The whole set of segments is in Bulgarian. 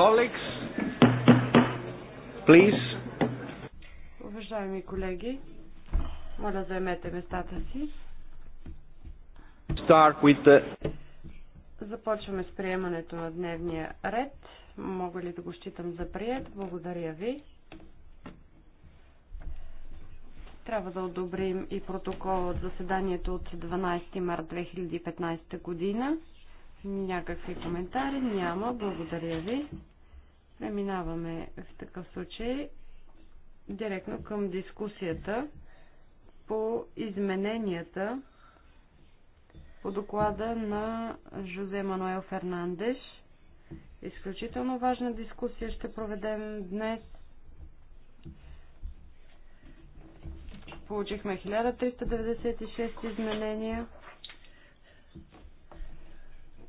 colleagues, please. Уважаеми колеги, моля заемете местата си. Start with the... Започваме с приемането на дневния ред. Мога ли да го считам за прият? Благодаря ви. Трябва да одобрим и протокол от заседанието от 12 март 2015 година. Някакви коментари няма. Благодаря ви. Преминаваме в такъв случай директно към дискусията по измененията по доклада на Жозе Мануел Фернандеш. Изключително важна дискусия ще проведем днес. Получихме 1396 изменения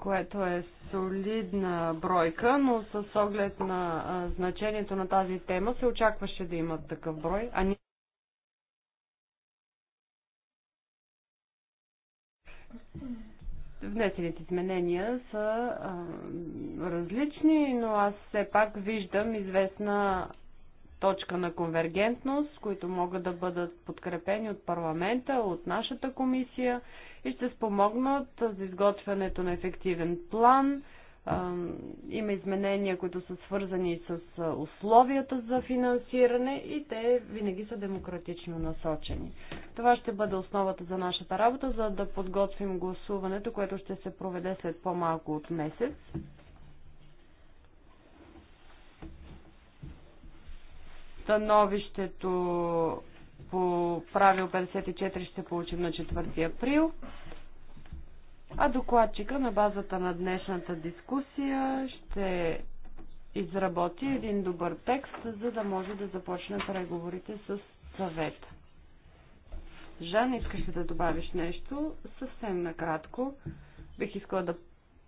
което е солидна бройка, но с оглед на значението на тази тема се очакваше да имат такъв брой. А ни... Внесените изменения са а, различни, но аз все пак виждам известна точка на конвергентност, които могат да бъдат подкрепени от парламента, от нашата комисия и ще спомогнат за изготвянето на ефективен план. Има изменения, които са свързани с условията за финансиране и те винаги са демократично насочени. Това ще бъде основата за нашата работа, за да подготвим гласуването, което ще се проведе след по-малко от месец. Становището по правил 54 ще получим на 4 април. А докладчика на базата на днешната дискусия ще изработи един добър текст, за да може да започне преговорите с съвета. Жан, искаш ли да добавиш нещо? Съвсем накратко. Бих искала да,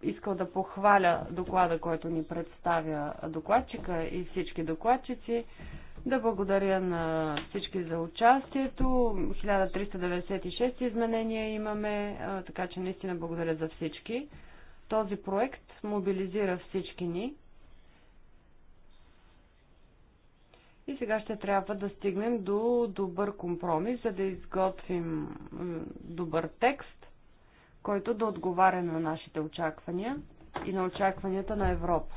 искал да похваля доклада, който ни представя докладчика и всички докладчици. Да благодаря на всички за участието. 1396 изменения имаме, така че наистина благодаря за всички. Този проект мобилизира всички ни. И сега ще трябва да стигнем до добър компромис, за да изготвим добър текст, който да отговаря на нашите очаквания и на очакванията на Европа.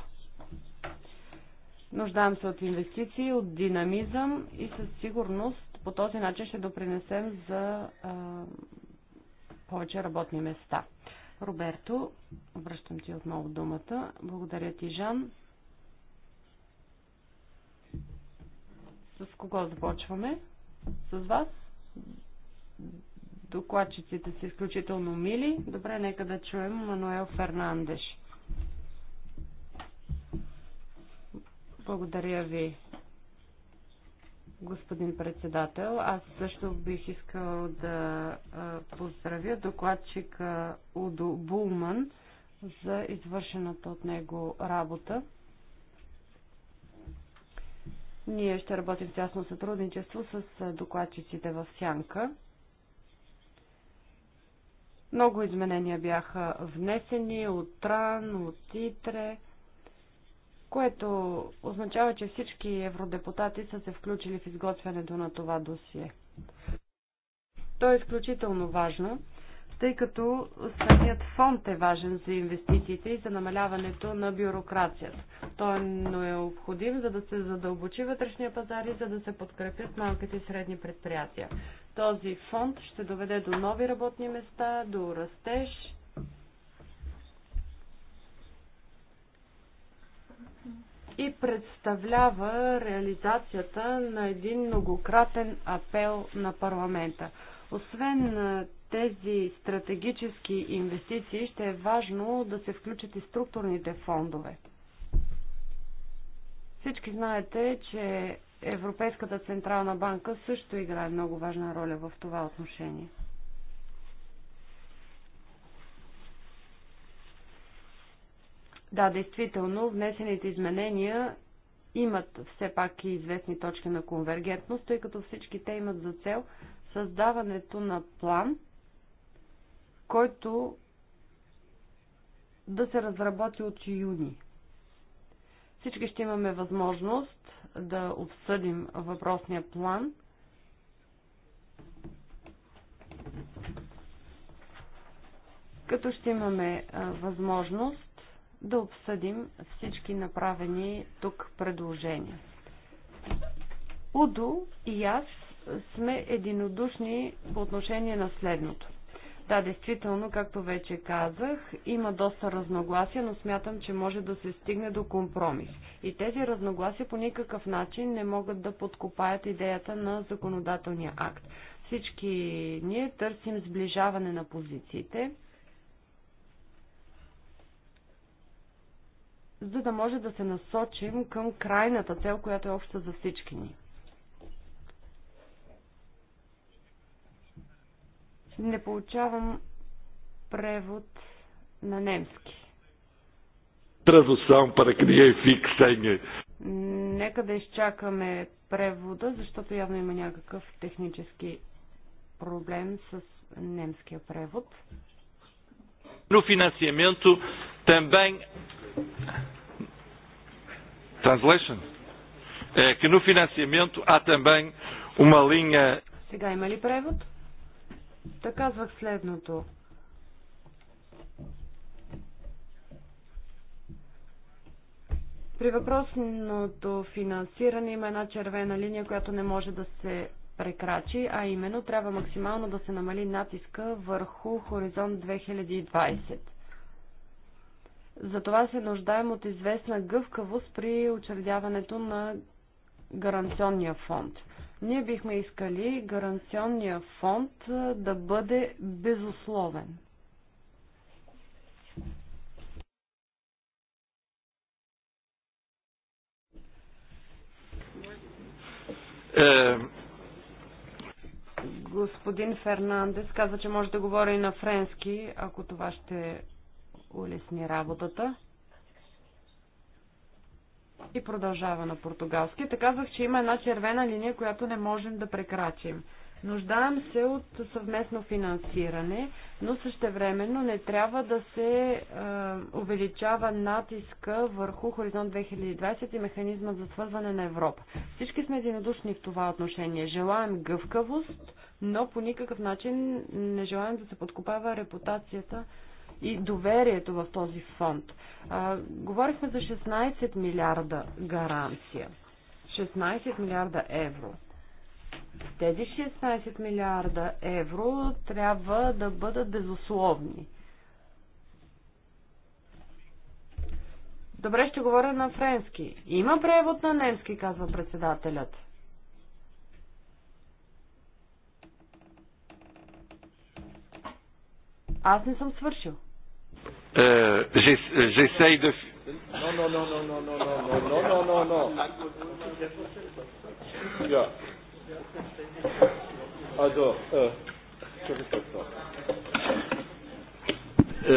Нуждаем се от инвестиции, от динамизъм и със сигурност по този начин ще допринесем за а, повече работни места. Роберто, обръщам ти отново думата. Благодаря ти, Жан. С кого започваме? С вас? Докладчиците са изключително мили. Добре, нека да чуем Мануел Фернандеш. Благодаря ви, господин председател. Аз също бих искал да поздравя докладчика Удо Булман за извършената от него работа. Ние ще работим в тясно сътрудничество с докладчиците в Сянка. Много изменения бяха внесени от Тран, от Титре което означава, че всички евродепутати са се включили в изготвянето на това досие. То е изключително важно, тъй като самият фонд е важен за инвестициите и за намаляването на бюрокрацията. Той е необходим, за да се задълбочи вътрешния пазар и за да се подкрепят малките и средни предприятия. Този фонд ще доведе до нови работни места, до растеж и представлява реализацията на един многократен апел на парламента. Освен тези стратегически инвестиции, ще е важно да се включат и структурните фондове. Всички знаете, че Европейската централна банка също играе много важна роля в това отношение. Да, действително, внесените изменения имат все пак и известни точки на конвергентност, тъй като всички те имат за цел създаването на план, който да се разработи от юни. Всички ще имаме възможност да обсъдим въпросния план. Като ще имаме възможност да обсъдим всички направени тук предложения. Удо и аз сме единодушни по отношение на следното. Да, действително, както вече казах, има доста разногласия, но смятам, че може да се стигне до компромис. И тези разногласия по никакъв начин не могат да подкопаят идеята на законодателния акт. Всички ние търсим сближаване на позициите за да може да се насочим към крайната цел, която е обща за всички ни. Не получавам превод на немски. Tradução para criar fixenha. Нека да изчакаме превода, защото явно има някакъв технически проблем с немския превод. No financiamento também Translation. É que no financiamento há também uma linha. Сега има ли превод? Та казвах следното. При въпросното финансиране има една червена линия, която не може да се прекрачи, а именно трябва максимално да се намали натиска върху хоризонт 2020. Затова се нуждаем от известна гъвкавост при учредяването на гаранционния фонд. Ние бихме искали гаранционния фонд да бъде безусловен. Е... Господин Фернандес каза, че може да говори и на френски, ако това ще улесни работата. И продължава на португалски. Така казах, че има една червена линия, която не можем да прекрачим. Нуждаем се от съвместно финансиране, но същевременно не трябва да се е, увеличава натиска върху Хоризонт 2020 и механизма за свързване на Европа. Всички сме единодушни в това отношение. Желаем гъвкавост, но по никакъв начин не желаем да се подкопава репутацията и доверието в този фонд. А, говорихме за 16 милиарда гаранция. 16 милиарда евро. Тези 16 милиарда евро трябва да бъдат безусловни. Добре, ще говоря на френски. Има превод на немски, казва председателят. Аз не съм свършил. Euh, J'essaye de. Non, non, non, non, non, non, non, non, non, non, non.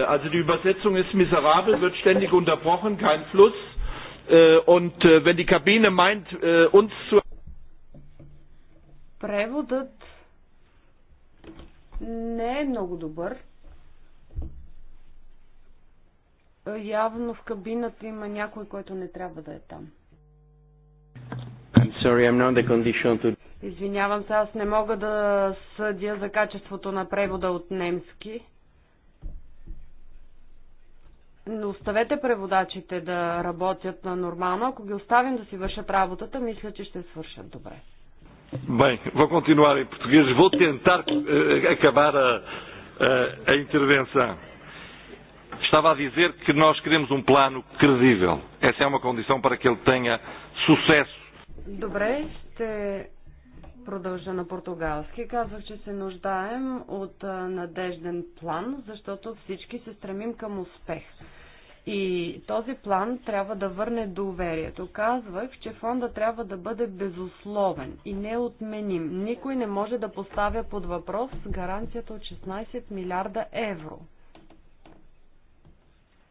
Also, die Übersetzung ist miserabel, wird ständig unterbrochen, kein Fluss. und wenn die Kabine meint, uns zu. Преводът не е много добър. Е, явно в кабината има някой, който не трябва да е там. I'm sorry, I'm not the condition to... Извинявам се, аз не мога да съдя за качеството на превода от немски. Но оставете преводачите да работят на нормално. Ако ги оставим да си вършат работата, мисля, че ще свършат добре. Bem, vou continuar em português. Vou tentar uh, acabar a, uh, a intervenção. Estava a dizer que nós queremos um plano credível. Essa é uma condição para que ele tenha sucesso. Добре, ще продължа на португалски. Казах, че се нуждаем от надежден план, защото всички се стремим към успех. И този план трябва да върне доверието. Казвах, че фонда трябва да бъде безусловен и неотменим. Никой не може да поставя под въпрос гаранцията от 16 милиарда евро.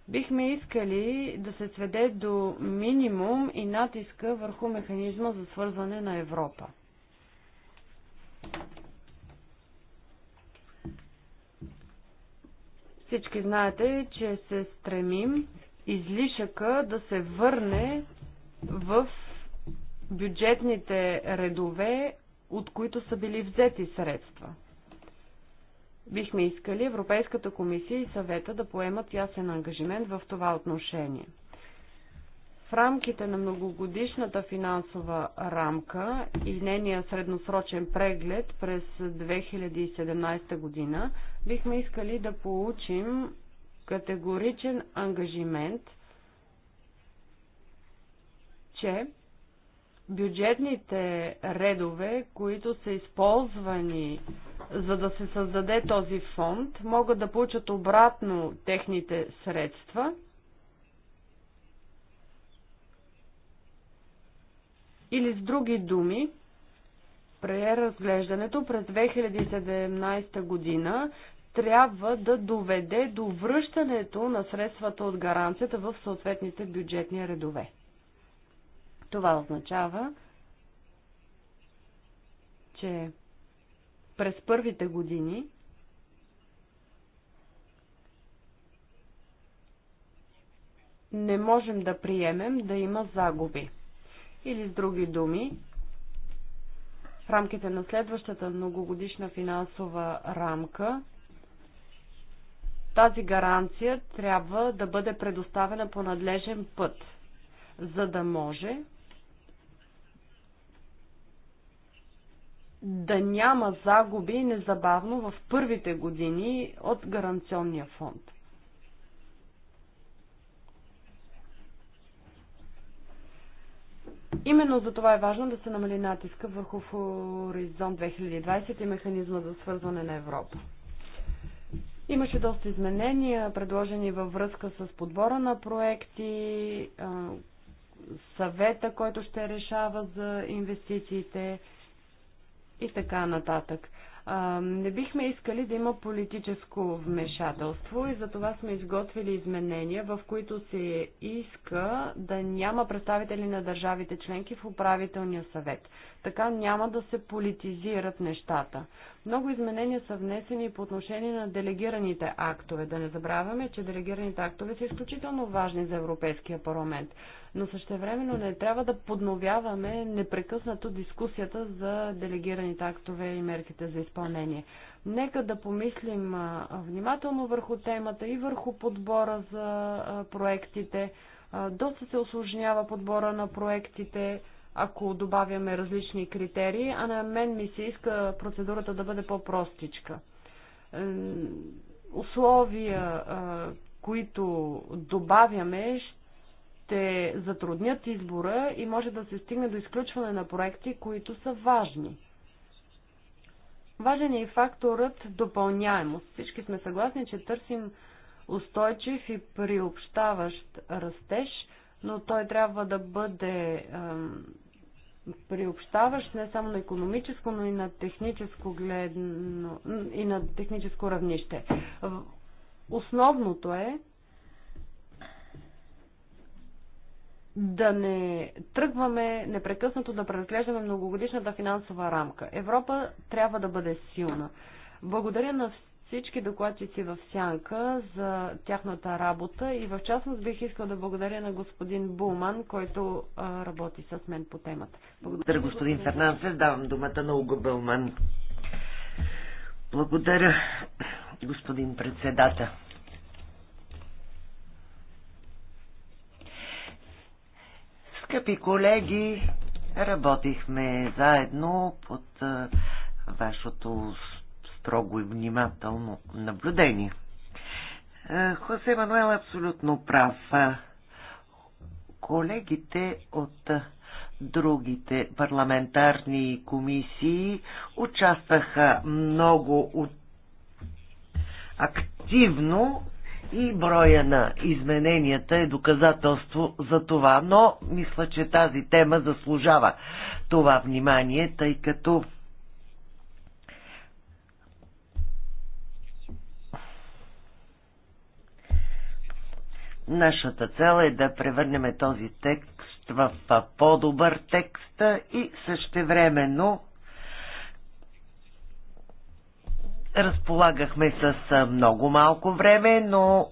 Бихме искали да се сведе до минимум и натиска върху механизма за свързване на Европа. Всички знаете, че се стремим излишъка да се върне в бюджетните редове, от които са били взети средства. Бихме искали Европейската комисия и съвета да поемат ясен ангажимент в това отношение. В рамките на многогодишната финансова рамка и нейния средносрочен преглед през 2017 година бихме искали да получим категоричен ангажимент, че бюджетните редове, които са използвани за да се създаде този фонд, могат да получат обратно техните средства или с други думи, преразглеждането през 2017 година трябва да доведе до връщането на средствата от гаранцията в съответните бюджетни редове. Това означава, че през първите години не можем да приемем да има загуби. Или с други думи, в рамките на следващата многогодишна финансова рамка тази гаранция трябва да бъде предоставена по надлежен път, за да може да няма загуби незабавно в първите години от гаранционния фонд. Именно за това е важно да се намали натиска върху Хоризонт 2020 и механизма за свързване на Европа. Имаше доста изменения, предложени във връзка с подбора на проекти, съвета, който ще решава за инвестициите, и така нататък. Не бихме искали да има политическо вмешателство и затова сме изготвили изменения, в които се иска да няма представители на държавите членки в управителния съвет. Така няма да се политизират нещата. Много изменения са внесени по отношение на делегираните актове. Да не забравяме, че делегираните актове са изключително важни за Европейския парламент но същевременно не трябва да подновяваме непрекъснато дискусията за делегираните актове и мерките за изпълнение. Нека да помислим внимателно върху темата и върху подбора за проектите. Доста се осложнява подбора на проектите, ако добавяме различни критерии, а на мен ми се иска процедурата да бъде по-простичка. Условия, които добавяме, ще ще затруднят избора и може да се стигне до изключване на проекти, които са важни. Важен е и факторът допълняемост. Всички сме съгласни, че търсим устойчив и приобщаващ растеж, но той трябва да бъде приобщаващ не само на економическо, но и на техническо гледно и на техническо равнище. Основното е да не тръгваме непрекъснато да преразглеждаме многогодишната финансова рамка. Европа трябва да бъде силна. Благодаря на всички докладчици в Сянка за тяхната работа и в частност бих искал да благодаря на господин Булман, който а, работи с мен по темата. Благодаря, господин Фернандес. Давам думата на Уго Бълман. Благодаря, господин председател. Скъпи колеги, работихме заедно под вашето строго и внимателно наблюдение. Хосе Мануел е абсолютно прав. Колегите от другите парламентарни комисии участваха много активно и броя на измененията е доказателство за това, но мисля, че тази тема заслужава това внимание, тъй като Нашата цел е да превърнем този текст в по-добър текст и същевременно разполагахме с много малко време, но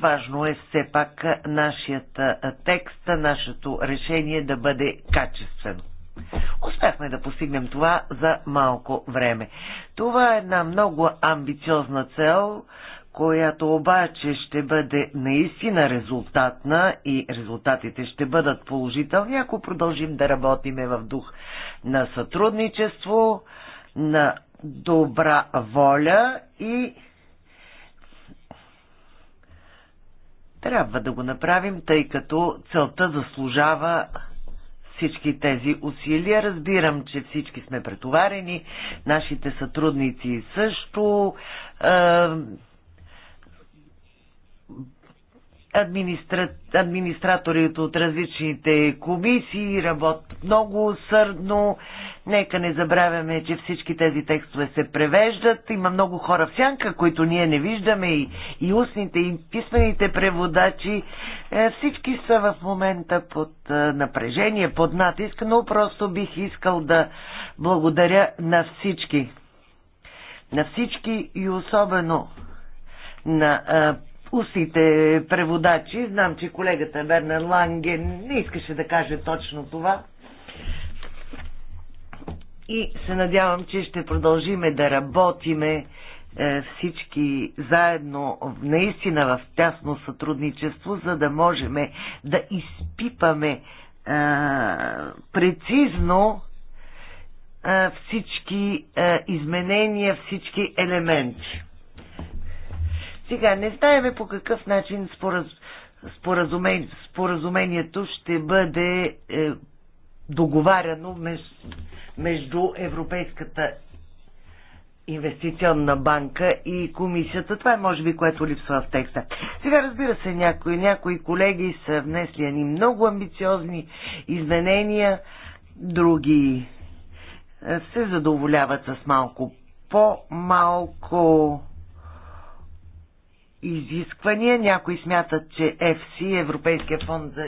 важно е все пак нашият текст, нашето решение да бъде качествено. Успяхме да постигнем това за малко време. Това е една много амбициозна цел, която обаче ще бъде наистина резултатна и резултатите ще бъдат положителни, ако продължим да работиме в дух на сътрудничество, на добра воля и трябва да го направим, тъй като целта заслужава всички тези усилия. Разбирам, че всички сме претоварени, нашите сътрудници също. Е, администра... администраторите от различните комисии работят много усърдно. Нека не забравяме, че всички тези текстове се превеждат. Има много хора в сянка, които ние не виждаме и, и устните, и писмените преводачи. Е, всички са в момента под е, напрежение, под натиск, но просто бих искал да благодаря на всички. На всички и особено на е, усите преводачи. Знам, че колегата Вернер Ланген не искаше да каже точно това. И се надявам, че ще продължиме да работиме е, всички заедно наистина в тясно сътрудничество, за да можем да изпипаме а, е, прецизно а, е, всички а, изменения, всички елементи. Сега не знаеме по какъв начин спораз, Споразумен, споразумението ще бъде е, договаряно меж, между Европейската инвестиционна банка и комисията. Това е може би което липсва в текста. Сега разбира се, някои, някои колеги са внесли едни много амбициозни изменения, други е, се задоволяват с малко по-малко изисквания. Някои смятат, че FC, Европейския фонд за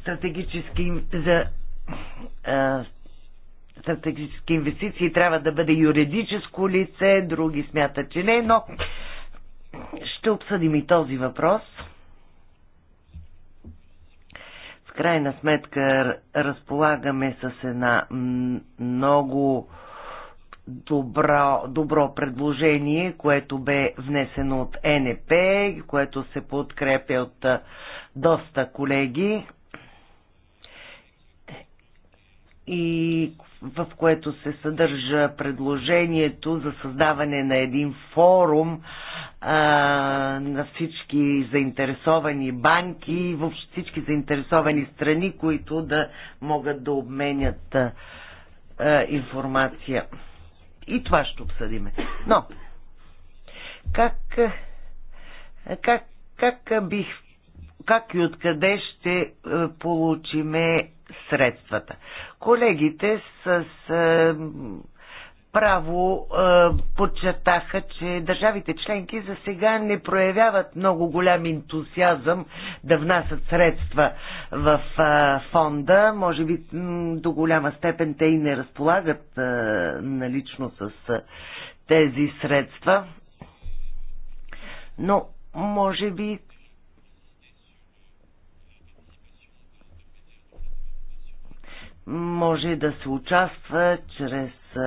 стратегически за а, стратегически инвестиции трябва да бъде юридическо лице, други смятат, че не, но ще обсъдим и този въпрос. В крайна сметка разполагаме с една много добро, добро предложение, което бе внесено от НП, което се подкрепя от доста колеги и в което се съдържа предложението за създаване на един форум а, на всички заинтересовани банки, и въобще всички заинтересовани страни, които да могат да обменят а, информация и това ще обсъдиме. Но, как, как, как бих как и откъде ще е, получиме средствата. Колегите с право е, подчертаха, че държавите членки за сега не проявяват много голям ентусиазъм да внасят средства в е, фонда. Може би до голяма степен те и не разполагат е, налично с е, тези средства. Но може би може да се участва чрез а,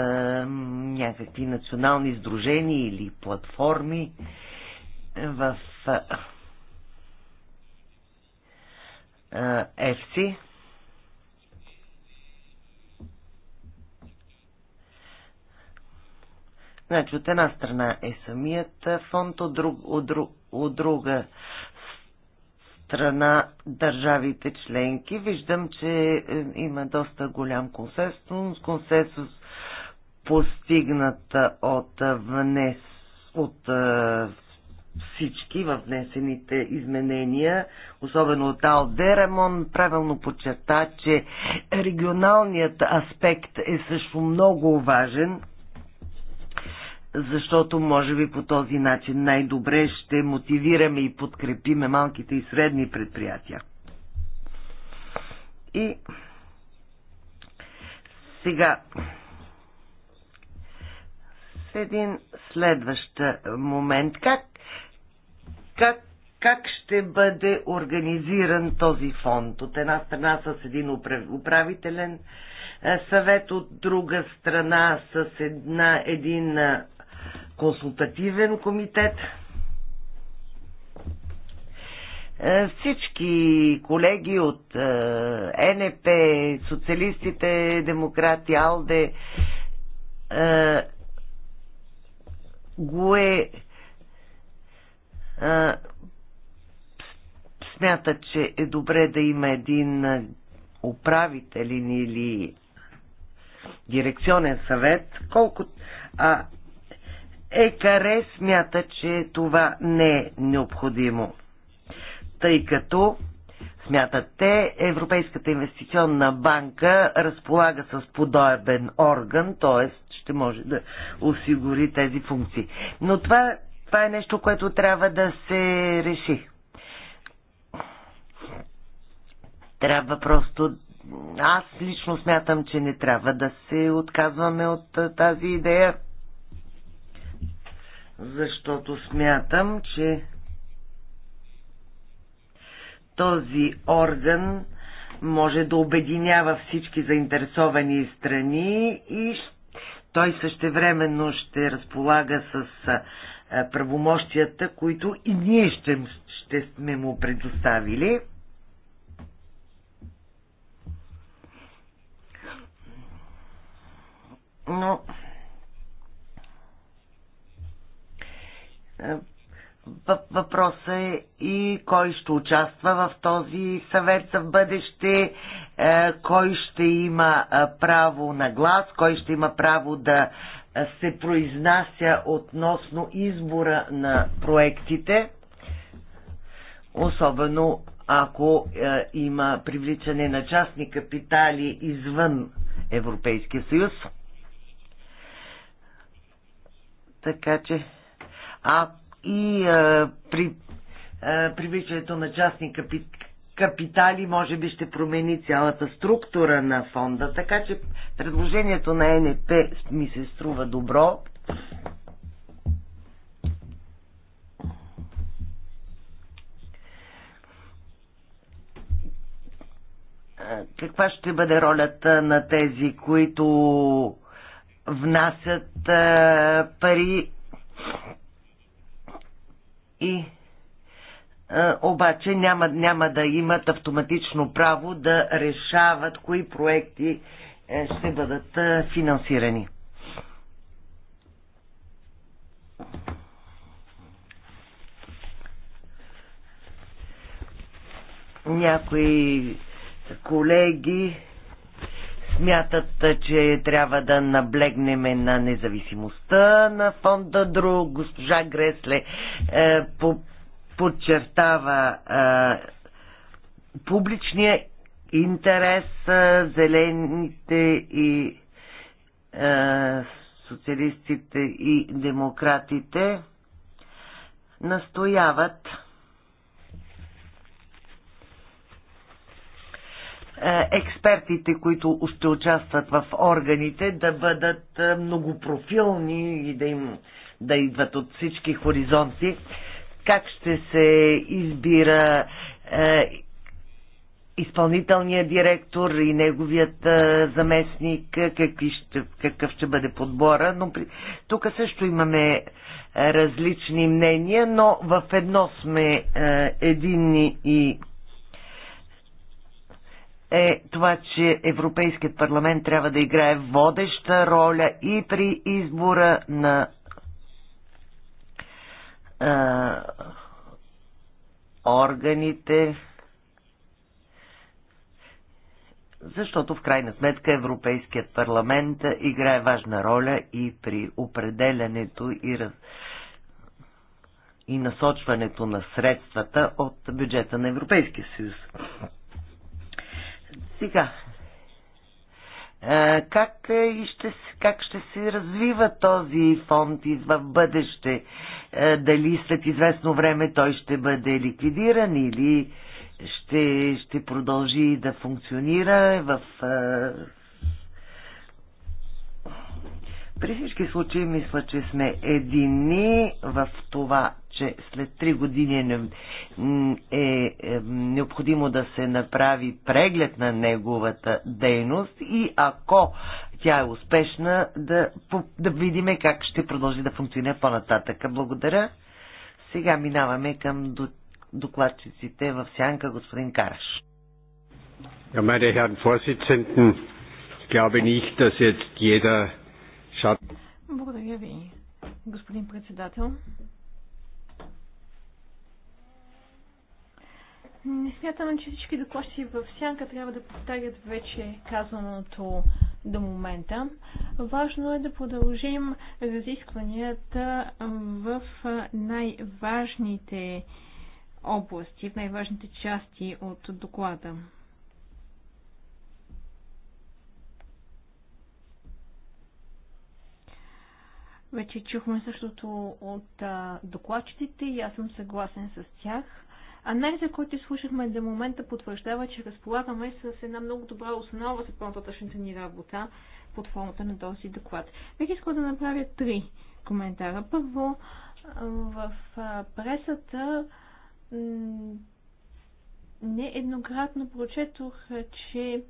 някакви национални сдружения или платформи в а, Значи от една страна е самият фонд, от, друг, от, друг, от друга страна държавите членки. Виждам, че е, има доста голям консенсус, консенсус постигната от е, внес, от е, всички във внесените изменения, особено от Ал Деремон, правилно подчерта, че регионалният аспект е също много важен защото може би по този начин най-добре ще мотивираме и подкрепиме малките и средни предприятия. И сега с един следващ момент. Как, как, как ще бъде организиран този фонд? От една страна с един управителен съвет, от друга страна с една, един консултативен комитет. Е, всички колеги от е, НП, социалистите, демократи, АЛДЕ, е, е смята, че е добре да има един управителен или дирекционен съвет, колко, а Екаре смята, че това не е необходимо, тъй като смятат те, Европейската инвестиционна банка разполага с подобен орган, т.е. ще може да осигури тези функции. Но това, това е нещо, което трябва да се реши. Трябва просто аз лично смятам, че не трябва да се отказваме от тази идея защото смятам, че този орган може да обединява всички заинтересовани страни и той същевременно ще разполага с правомощията, които и ние ще, ще сме му предоставили. Но Е, въпросът е и кой ще участва в този съвет за бъдеще, е, кой ще има е, право на глас, кой ще има право да се произнася относно избора на проектите, особено ако има привличане на частни капитали извън Европейския съюз. Така че а и а, при а, привличането на частни капит, капитали може би ще промени цялата структура на фонда. Така че предложението на НП ми се струва добро. Каква ще бъде ролята на тези, които внасят пари и обаче няма, няма да имат автоматично право да решават кои проекти е, ще бъдат финансирани. Някои колеги смятат, че трябва да наблегнем на независимостта на фонда друг. Госпожа Гресле е, по, подчертава е, публичния интерес, е, зелените и е, социалистите и демократите настояват Е, експертите, които ще участват в органите, да бъдат е, многопрофилни и да им да идват от всички хоризонти. Как ще се избира е, изпълнителният директор и неговият е, заместник, какви ще, какъв ще бъде подбора. Но при... Тук също имаме е, различни мнения, но в едно сме е, единни и е това, че Европейският парламент трябва да играе водеща роля и при избора на а, органите, защото в крайна сметка Европейският парламент играе важна роля и при определянето и, раз... и насочването на средствата от бюджета на Европейския съюз. Сега, е, как, е, и ще, как ще се развива този фонд в бъдеще? Е, дали след известно време той ще бъде ликвидиран или ще, ще продължи да функционира в... При всички случаи мисля, че сме едини в това че след три години е, е, е, необходимо да се направи преглед на неговата дейност и ако тя е успешна, да, да видиме как ще продължи да функционира по-нататък. Благодаря. Сега минаваме към докладчиците в сянка, господин Караш. Ja, meine Herren Vorsitzenden, ich glaube nicht, dass jetzt jeder Благодаря ви, господин председател. Не смятам, че всички докладчици в сянка трябва да повтарят вече казаното до момента. Важно е да продължим разискванията в най-важните области, в най-важните части от доклада. Вече чухме същото от докладчиците и аз съм съгласен с тях. Анализа, който слушахме до момента, потвърждава, че разполагаме с една много добра основа за по-нататъчната ни работа под формата на този доклад. Бих искал да направя три коментара. Първо, в пресата нееднократно прочетох, че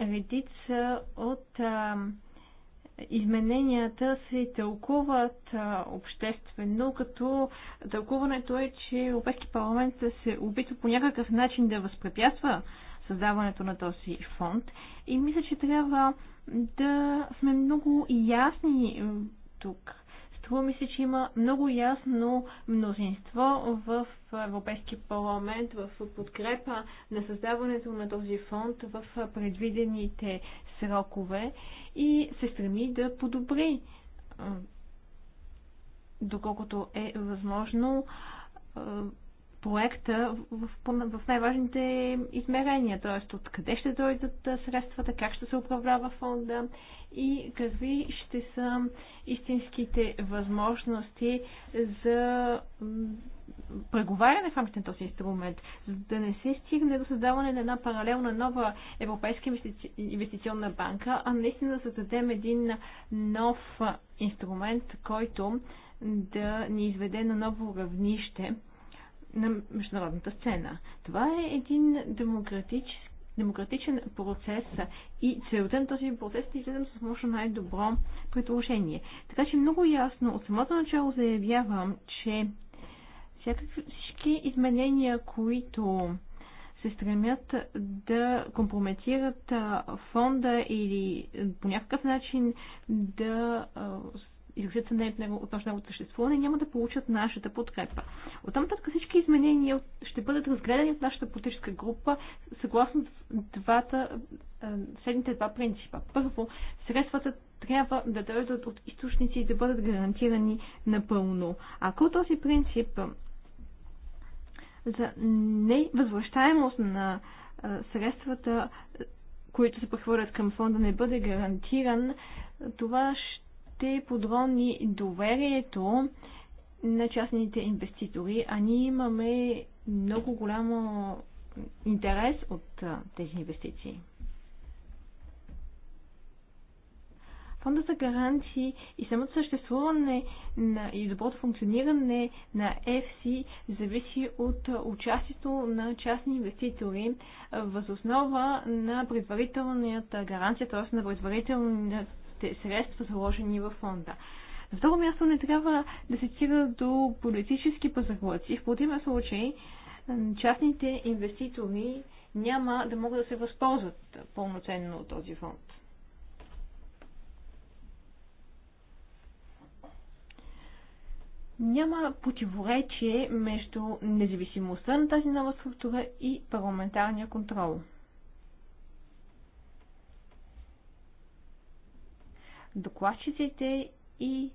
редица от измененията се тълкуват обществено, като тълкуването е, че Европейски парламент се опитва по някакъв начин да възпрепятства създаването на този фонд. И мисля, че трябва да сме много ясни тук. Струва ми се, че има много ясно мнозинство в Европейския парламент в подкрепа на създаването на този фонд в предвидените срокове и се стреми да подобри доколкото е възможно проекта в, в, в най-важните измерения, т.е. откъде ще дойдат средствата, как ще се управлява фонда и какви ще са истинските възможности за преговаряне в рамките на този инструмент, за да не се стигне до създаване на една паралелна нова Европейска инвестиционна банка, а наистина да създадем един нов инструмент, който да ни изведе на ново равнище на международната сцена. Това е един демократич, демократичен процес и целта на този процес е да излезем с може най-добро предложение. Така че много ясно от самото начало заявявам, че всякакви всички изменения, които се стремят да компрометират фонда или по някакъв начин да изразят се него, относно неговото съществуване, няма да получат нашата подкрепа. От нататък всички изменения ще бъдат разгледани от нашата политическа група съгласно двата, следните два принципа. Първо, средствата трябва да дойдат от източници и да бъдат гарантирани напълно. Ако този принцип за невъзвръщаемост на средствата, които се прехвърлят към фонда, не бъде гарантиран, това ще ще подрони доверието на частните инвеститори, а ние имаме много голямо интерес от тези инвестиции. Фонда за гаранции и самото съществуване на, и доброто функциониране на FC зависи от участието на частни инвеститори възоснова на предварителната гаранция, т.е. на предварителният средства, заложени във фонда. На второ място не трябва да се стига до политически пазарлъци. В противен случай частните инвеститори няма да могат да се възползват пълноценно от този фонд. Няма противоречие между независимостта на тази нова структура и парламентарния контрол. докладчиците и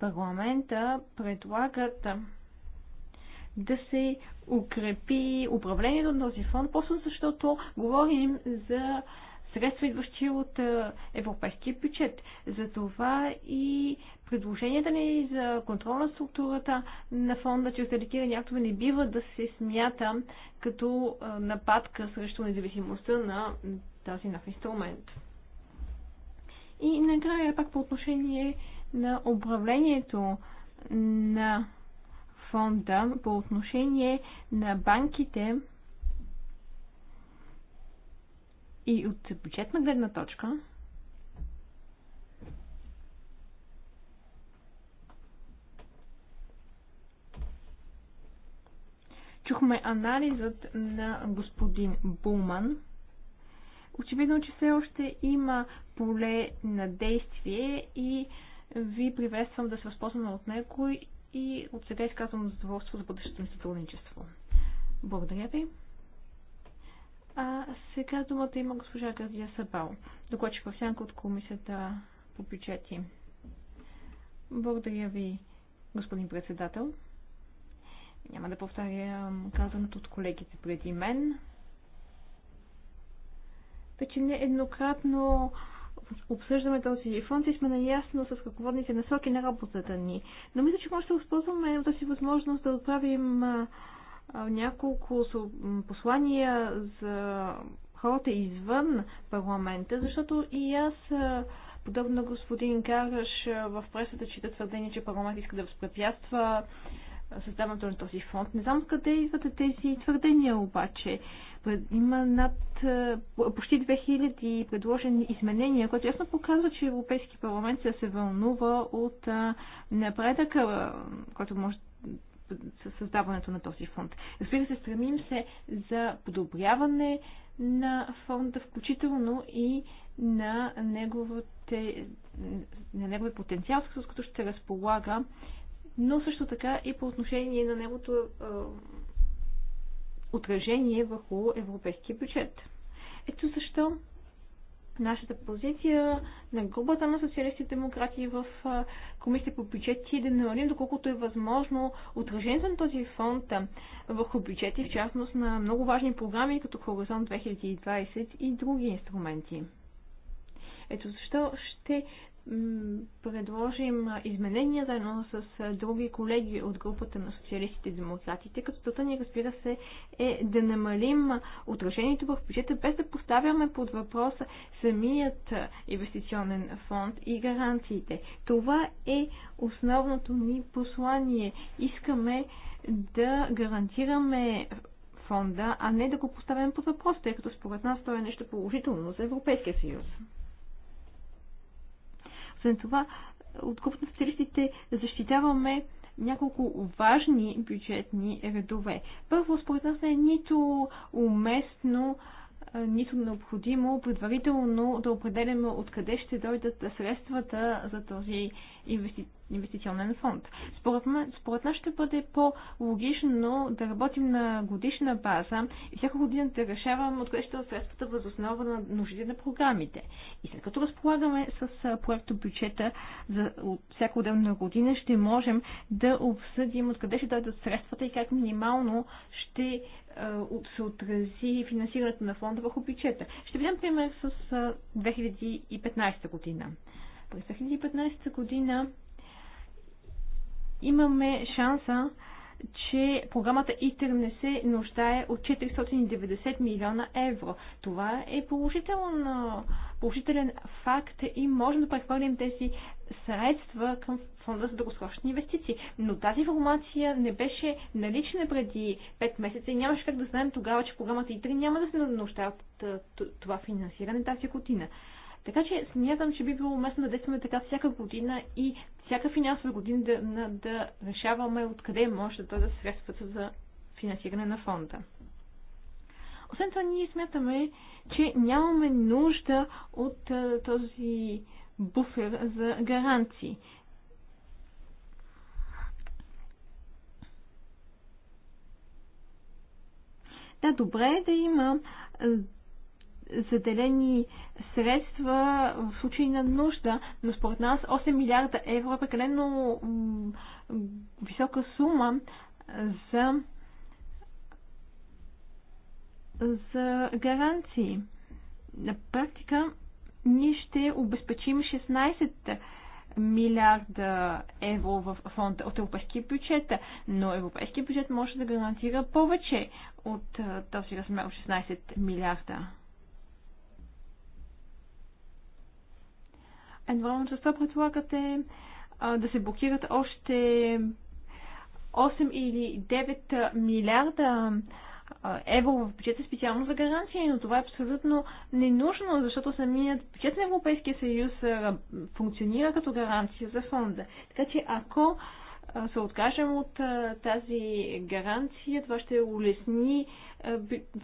парламента предлагат да се укрепи управлението на този фонд, просто защото говорим за средства, идващи от е, европейския бюджет. Затова и предложенията ни за контрол на структурата на фонда че делегирани актове не бива да се смята като е, нападка срещу независимостта на този нов инструмент. И накрая, пак по отношение на управлението на фонда, по отношение на банките и от бюджетна гледна точка, чухме анализът на господин Булман – Очевидно, че все още има поле на действие и ви приветствам да се възползваме от него и от сега изказвам задоволство за бъдещето ни сътрудничество. Благодаря ви. А сега думата има госпожа Газия Сабал, докладчик в сянка от комисията по бюджети. Благодаря ви, господин председател. Няма да повтаря казаното от колегите преди мен. Вече еднократно обсъждаме този фонд и сме наясно с ръководните насоки на работата ни. Но мисля, че може да използваме тази възможност да отправим няколко послания за хората извън парламента, защото и аз, подобно господин Караш, в пресата чета твърдение, че парламент иска да възпрепятства създаването на този фонд. Не знам къде идват тези твърдения обаче. Има над е, почти 2000 предложени изменения, което ясно показва, че Европейски парламент се вълнува от е, напредъка, е, който може със създаването на този фонд. Разбира се, стремим се за подобряване на фонда, включително и на неговите, на неговия потенциал, с който ще разполага но също така и по отношение на негото отражение върху европейския бюджет. Ето защо нашата позиция на групата на социалисти и демократи в комисията по бюджети е да намалим доколкото е възможно отражението на този фонд върху бюджети, в частност на много важни програми, като Хоризонт 2020 и други инструменти. Ето защо ще предложим изменения заедно с други колеги от групата на социалистите и демократите, като целта ни, разбира се, е да намалим отражението в бюджета, без да поставяме под въпрос самият инвестиционен фонд и гаранциите. Това е основното ни послание. Искаме да гарантираме фонда, а не да го поставяме под въпрос, тъй като според нас това е нещо положително за Европейския съюз. След това, от групата на социалистите защитаваме няколко важни бюджетни редове. Първо, според нас не е нито уместно, нито необходимо предварително да определяме откъде ще дойдат средствата за този инвестиционен инвестиционен фонд. Според, според нас ще бъде по-логично да работим на годишна база и всяка година да решаваме откъде ще средствата въз основа на нуждите на програмите. И след като разполагаме с проекто бюджета за всяка отделна година, ще можем да обсъдим откъде ще дойдат средствата и как минимално ще се отрази финансирането на фонда върху бюджета. Ще видим пример с 2015 година. През 2015 година имаме шанса, че програмата ИТЕР не се нуждае от 490 милиона евро. Това е положително, положителен факт и можем да прехвърлим тези средства към фонда за дългосрочни инвестиции. Но тази информация не беше налична преди 5 месеца и нямаше как да знаем тогава, че програмата ИТРИ няма да се нуждае от това финансиране тази година. Така че смятам, че би било уместно да действаме така всяка година и всяка финансова година да, на, да решаваме откъде може да дойдат средствата за финансиране на фонда. Освен това, ние смятаме, че нямаме нужда от а, е, този буфер за гаранции. Да, добре е да има е, заделени средства в случай на нужда, но според нас 8 милиарда евро е прекалено висока сума за, за гаранции. На практика ние ще обезпечим 16 милиарда евро в фонда от европейския бюджет, но европейския бюджет може да гарантира повече от този размер 16 милиарда. Едновременно с това предлагате а, да се блокират още 8 или 9 милиарда евро в бюджета специално за гаранция, но това е абсолютно ненужно, защото самият бюджет на Европейския съюз функционира като гаранция за фонда. Така че ако се откажем от тази гаранция, това ще улесни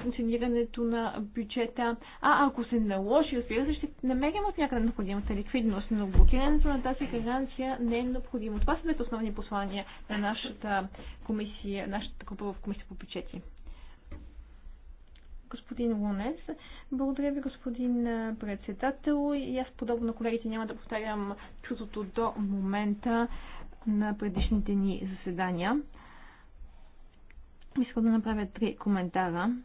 функционирането на бюджета. А ако се наложи, разбира се, ще намерим от някъде необходимата ликвидност, но блокирането на тази гаранция не е необходимо. Това са двете основни послания на нашата комисия, нашата група в комисия по бюджети. Господин Лунес, благодаря ви, господин председател. И аз, подобно на колегите, няма да повтарям чутото до момента на предишните ни заседания. Искам да направя три коментара.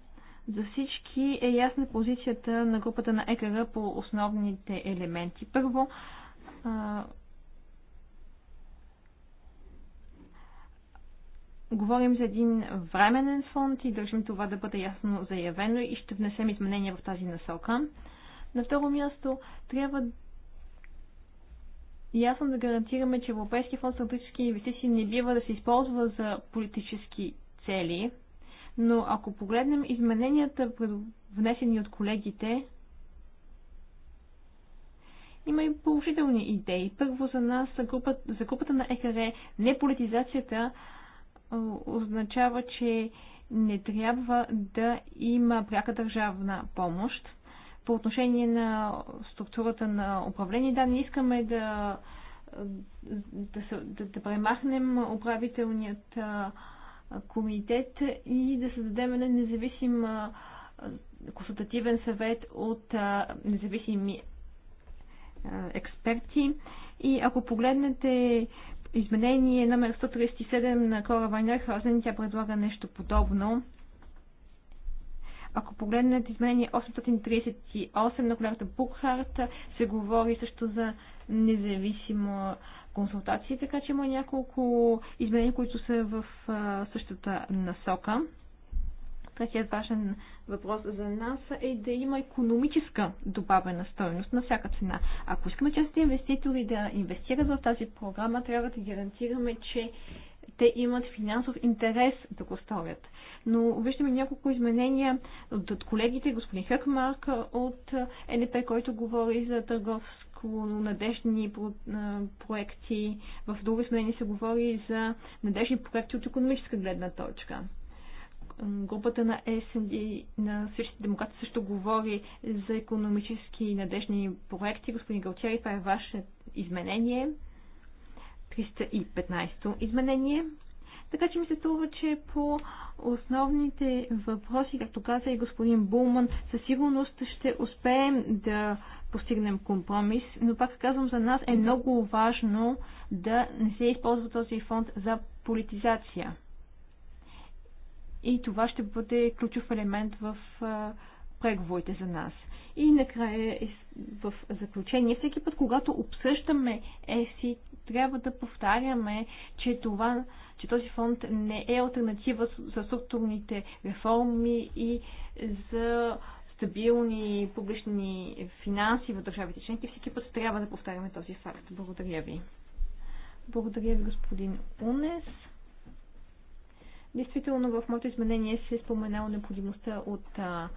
За всички е ясна позицията на групата на ЕКР по основните елементи. Първо, говорим за един временен фонд и държим това да бъде ясно заявено и ще внесем изменения в тази насока. На второ място, трябва ясно да гарантираме, че Европейския фонд за стратегически инвестиции не бива да се използва за политически цели, но ако погледнем измененията, внесени от колегите, има и положителни идеи. Първо за нас, за групата на ЕКР, политизацията, означава, че не трябва да има пряка държавна помощ по отношение на структурата на управление. Да, не искаме да, да, се, да, да премахнем управителният комитет и да създадем един независим консултативен съвет от независими експерти. И ако погледнете изменение номер 137 на Кора Вайнер тя предлага нещо подобно. Ако погледнете изменение 838 на колегата Букхарт, се говори също за независима консултация, така че има няколко изменения, които са в същата насока. Третият важен въпрос за нас е да има економическа добавена стоеност на всяка цена. Ако искаме частите инвеститори да инвестират в тази програма, трябва да гарантираме, че те имат финансов интерес да го сторят. Но виждаме няколко изменения от колегите, господин Хъкмарк от НДП, е, който говори за търговско надежни проекти. В друго изменение се говори за надежни проекти от економическа гледна точка. Групата на СНД на всички демократи също говори за економически надежни проекти. Господин Галчери, това е ваше изменение. 315 изменение. Така че ми се струва, че по основните въпроси, както каза и господин Булман, със сигурност ще успеем да постигнем компромис, но пак казвам, за нас е много важно да не се използва този фонд за политизация. И това ще бъде ключов елемент в преговорите за нас. И накрая, е в заключение, всеки път, когато обсъщаме ЕСИ, трябва да повтаряме, че, това, че този фонд не е альтернатива за структурните реформи и за стабилни публични финанси в държавите членки. Всеки път трябва да повтаряме този факт. Благодаря ви. Благодаря ви, господин Унес. Действително в моето изменение се е споменало необходимостта от а,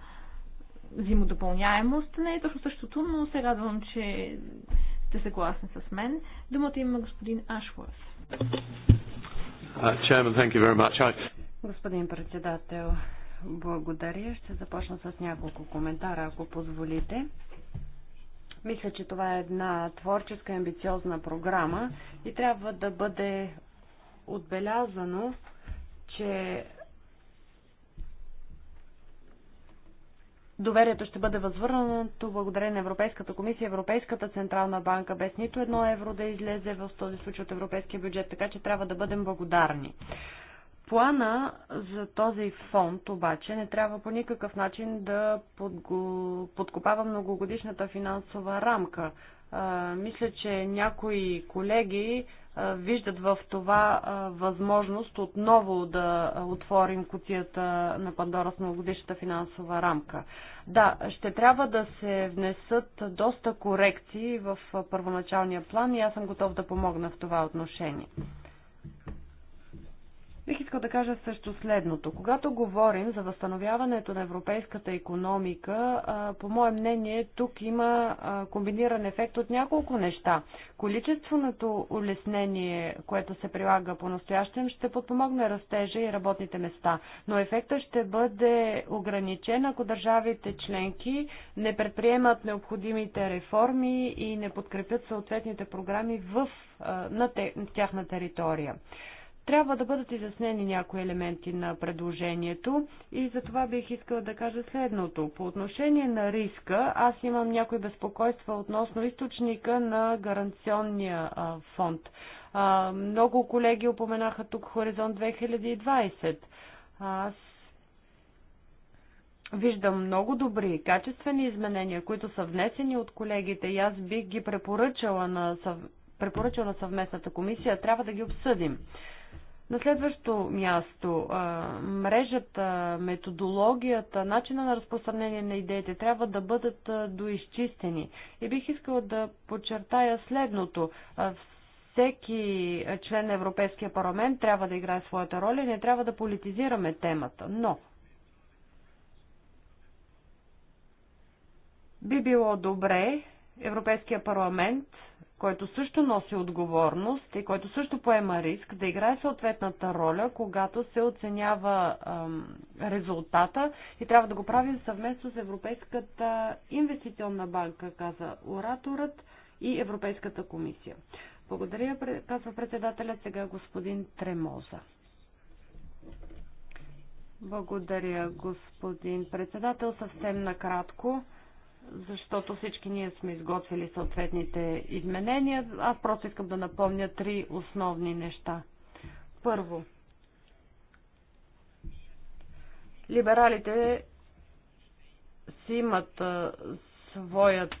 взаимодопълняемост. Не е точно същото, но се радвам, че сте съгласни с мен. Думата има господин Ашворс. Uh, господин председател, благодаря. Ще започна с няколко коментара, ако позволите. Мисля, че това е една творческа и амбициозна програма и трябва да бъде отбелязано, че Доверието ще бъде възвърнато благодарение на Европейската комисия, Европейската централна банка, без нито едно евро да излезе в този случай от европейския бюджет, така че трябва да бъдем благодарни. Плана за този фонд обаче не трябва по никакъв начин да подкопава многогодишната финансова рамка. мисля, че някои колеги виждат в това възможност отново да отворим кутията на Пандора с многогодишната финансова рамка. Да, ще трябва да се внесат доста корекции в първоначалния план и аз съм готов да помогна в това отношение. Бих искал да кажа също следното. Когато говорим за възстановяването на европейската економика, по мое мнение, тук има комбиниран ефект от няколко неща. Количественото улеснение, което се прилага по-настоящем, ще подпомогне растежа и работните места, но ефектът ще бъде ограничен, ако държавите членки не предприемат необходимите реформи и не подкрепят съответните програми в, на тяхна територия. Трябва да бъдат изяснени някои елементи на предложението и за това бих искала да кажа следното. По отношение на риска, аз имам някои безпокойства относно източника на гаранционния фонд. Много колеги упоменаха тук Хоризонт 2020. Аз Виждам много добри, качествени изменения, които са внесени от колегите и аз бих ги препоръчала на, съв... препоръчала на съвместната комисия. Трябва да ги обсъдим. На следващо място, мрежата, методологията, начина на разпространение на идеите трябва да бъдат доизчистени. И бих искала да подчертая следното. Всеки член на Европейския парламент трябва да играе своята роля и не трябва да политизираме темата. Но би било добре Европейския парламент който също носи отговорност и който също поема риск да играе съответната роля, когато се оценява ам, резултата и трябва да го правим съвместно с Европейската инвестиционна банка, каза ораторът и Европейската комисия. Благодаря, казва председателя сега господин Тремоза. Благодаря, господин председател. Съвсем накратко защото всички ние сме изготвили съответните изменения. Аз просто искам да напомня три основни неща. Първо, либералите си имат своят.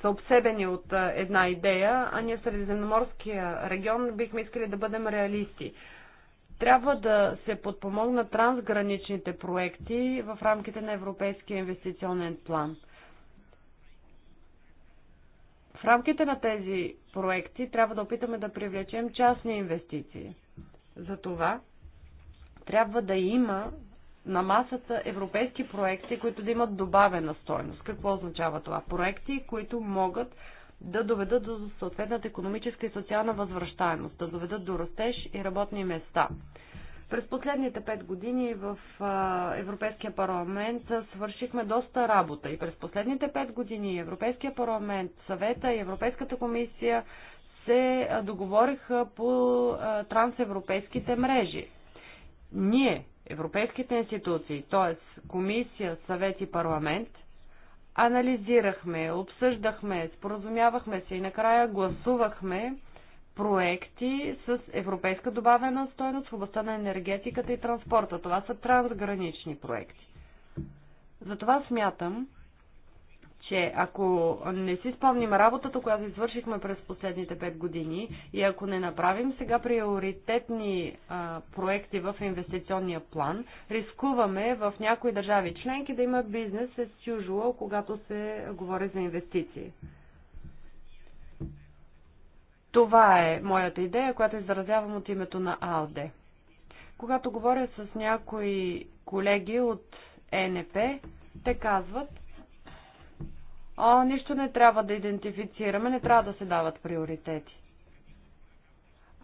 са обсебени от една идея, а ние в Средиземноморския регион бихме искали да бъдем реалисти. Трябва да се подпомогнат трансграничните проекти в рамките на Европейския инвестиционен план. В рамките на тези проекти трябва да опитаме да привлечем частни инвестиции. За това трябва да има на масата европейски проекти, които да имат добавена стойност. Какво означава това? Проекти, които могат да доведат до съответната економическа и социална възвръщаемост, да доведат до растеж и работни места. През последните пет години в Европейския парламент свършихме доста работа и през последните пет години Европейския парламент, съвета и Европейската комисия се договориха по трансевропейските мрежи. Ние, европейските институции, т.е. комисия, съвет и парламент – анализирахме, обсъждахме, споразумявахме се и накрая гласувахме проекти с европейска добавена стоеност в областта на енергетиката и транспорта. Това са трансгранични проекти. Затова смятам, че ако не си спомним работата, която извършихме през последните 5 години и ако не направим сега приоритетни а, проекти в инвестиционния план, рискуваме в някои държави членки да има бизнес с usual, когато се говори за инвестиции. Това е моята идея, която изразявам от името на АЛДЕ. Когато говоря с някои колеги от ЕНП, те казват, а, нищо не трябва да идентифицираме, не трябва да се дават приоритети.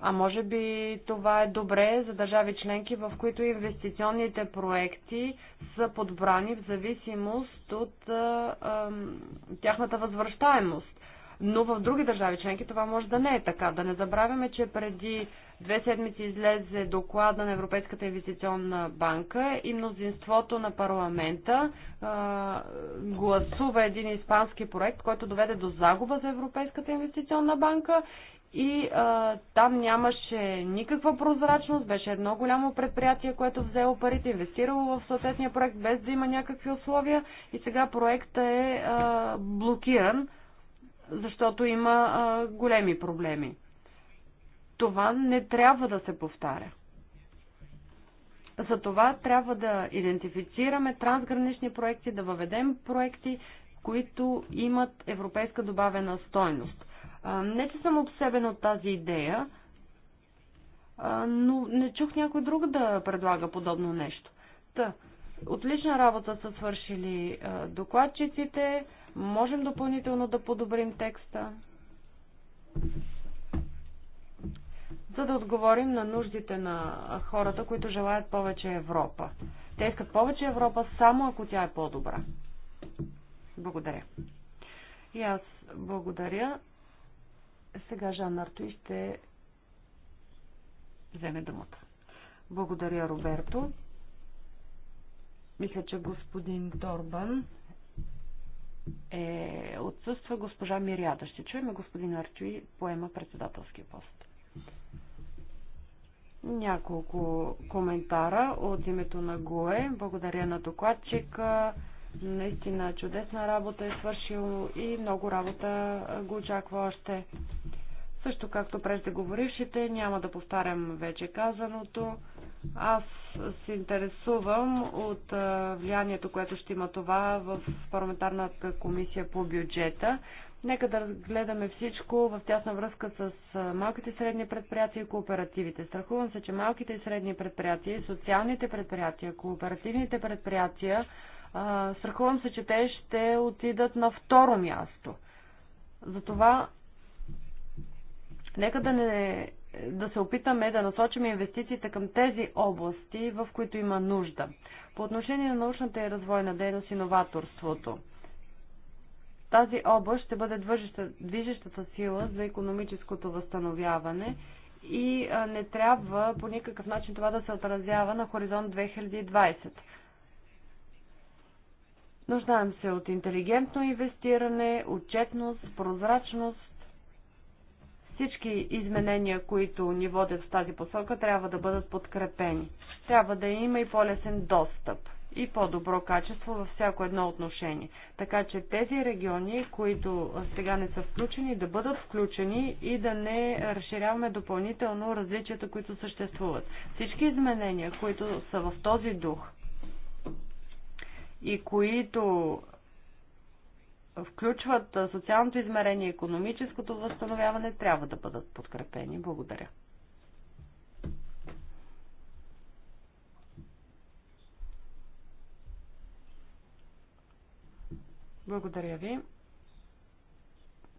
А може би това е добре за държави членки, в които инвестиционните проекти са подбрани в зависимост от а, а, тяхната възвръщаемост но в други държави членки това може да не е така. Да не забравяме, че преди две седмици излезе доклада на Европейската инвестиционна банка и мнозинството на парламента а, гласува един испански проект, който доведе до загуба за Европейската инвестиционна банка и а, там нямаше никаква прозрачност, беше едно голямо предприятие, което взело парите, инвестирало в съответния проект без да има някакви условия и сега проектът е а, блокиран защото има а, големи проблеми. Това не трябва да се повтаря. Затова трябва да идентифицираме трансгранични проекти, да въведем проекти, които имат европейска добавена стойност. Не, че съм обсебен от тази идея, но не чух някой друг да предлага подобно нещо. Та, отлична работа са свършили докладчиците. Можем допълнително да подобрим текста, за да отговорим на нуждите на хората, които желаят повече Европа. Те искат повече Европа само ако тя е по-добра. Благодаря. И аз благодаря. Сега Жан Артуи ще вземе думата. Благодаря, Роберто. Мисля, че господин Торбан е, отсъства госпожа Мириада. Ще чуем господин Артюи поема председателския пост. Няколко коментара от името на ГОЕ. Благодаря на докладчика. Наистина чудесна работа е свършил и много работа го очаква още. Също както преждеговорившите, няма да повтарям вече казаното. Аз се интересувам от влиянието, което ще има това в парламентарната комисия по бюджета. Нека да разгледаме всичко в тясна връзка с малките и средни предприятия и кооперативите. Страхувам се, че малките и средни предприятия, социалните предприятия, кооперативните предприятия, страхувам се, че те ще отидат на второ място. Затова нека да не да се опитаме да насочим инвестициите към тези области, в които има нужда. По отношение на научната и развойна дейност и новаторството. Тази област ще бъде движещата сила за економическото възстановяване и не трябва по никакъв начин това да се отразява на хоризонт 2020. Нуждаем се от интелигентно инвестиране, отчетност, прозрачност, всички изменения, които ни водят в тази посока, трябва да бъдат подкрепени. Трябва да има и по-лесен достъп и по-добро качество във всяко едно отношение. Така че тези региони, които сега не са включени, да бъдат включени и да не разширяваме допълнително различията, които съществуват. Всички изменения, които са в този дух и които включват социалното измерение, и економическото възстановяване, трябва да бъдат подкрепени. Благодаря. Благодаря ви.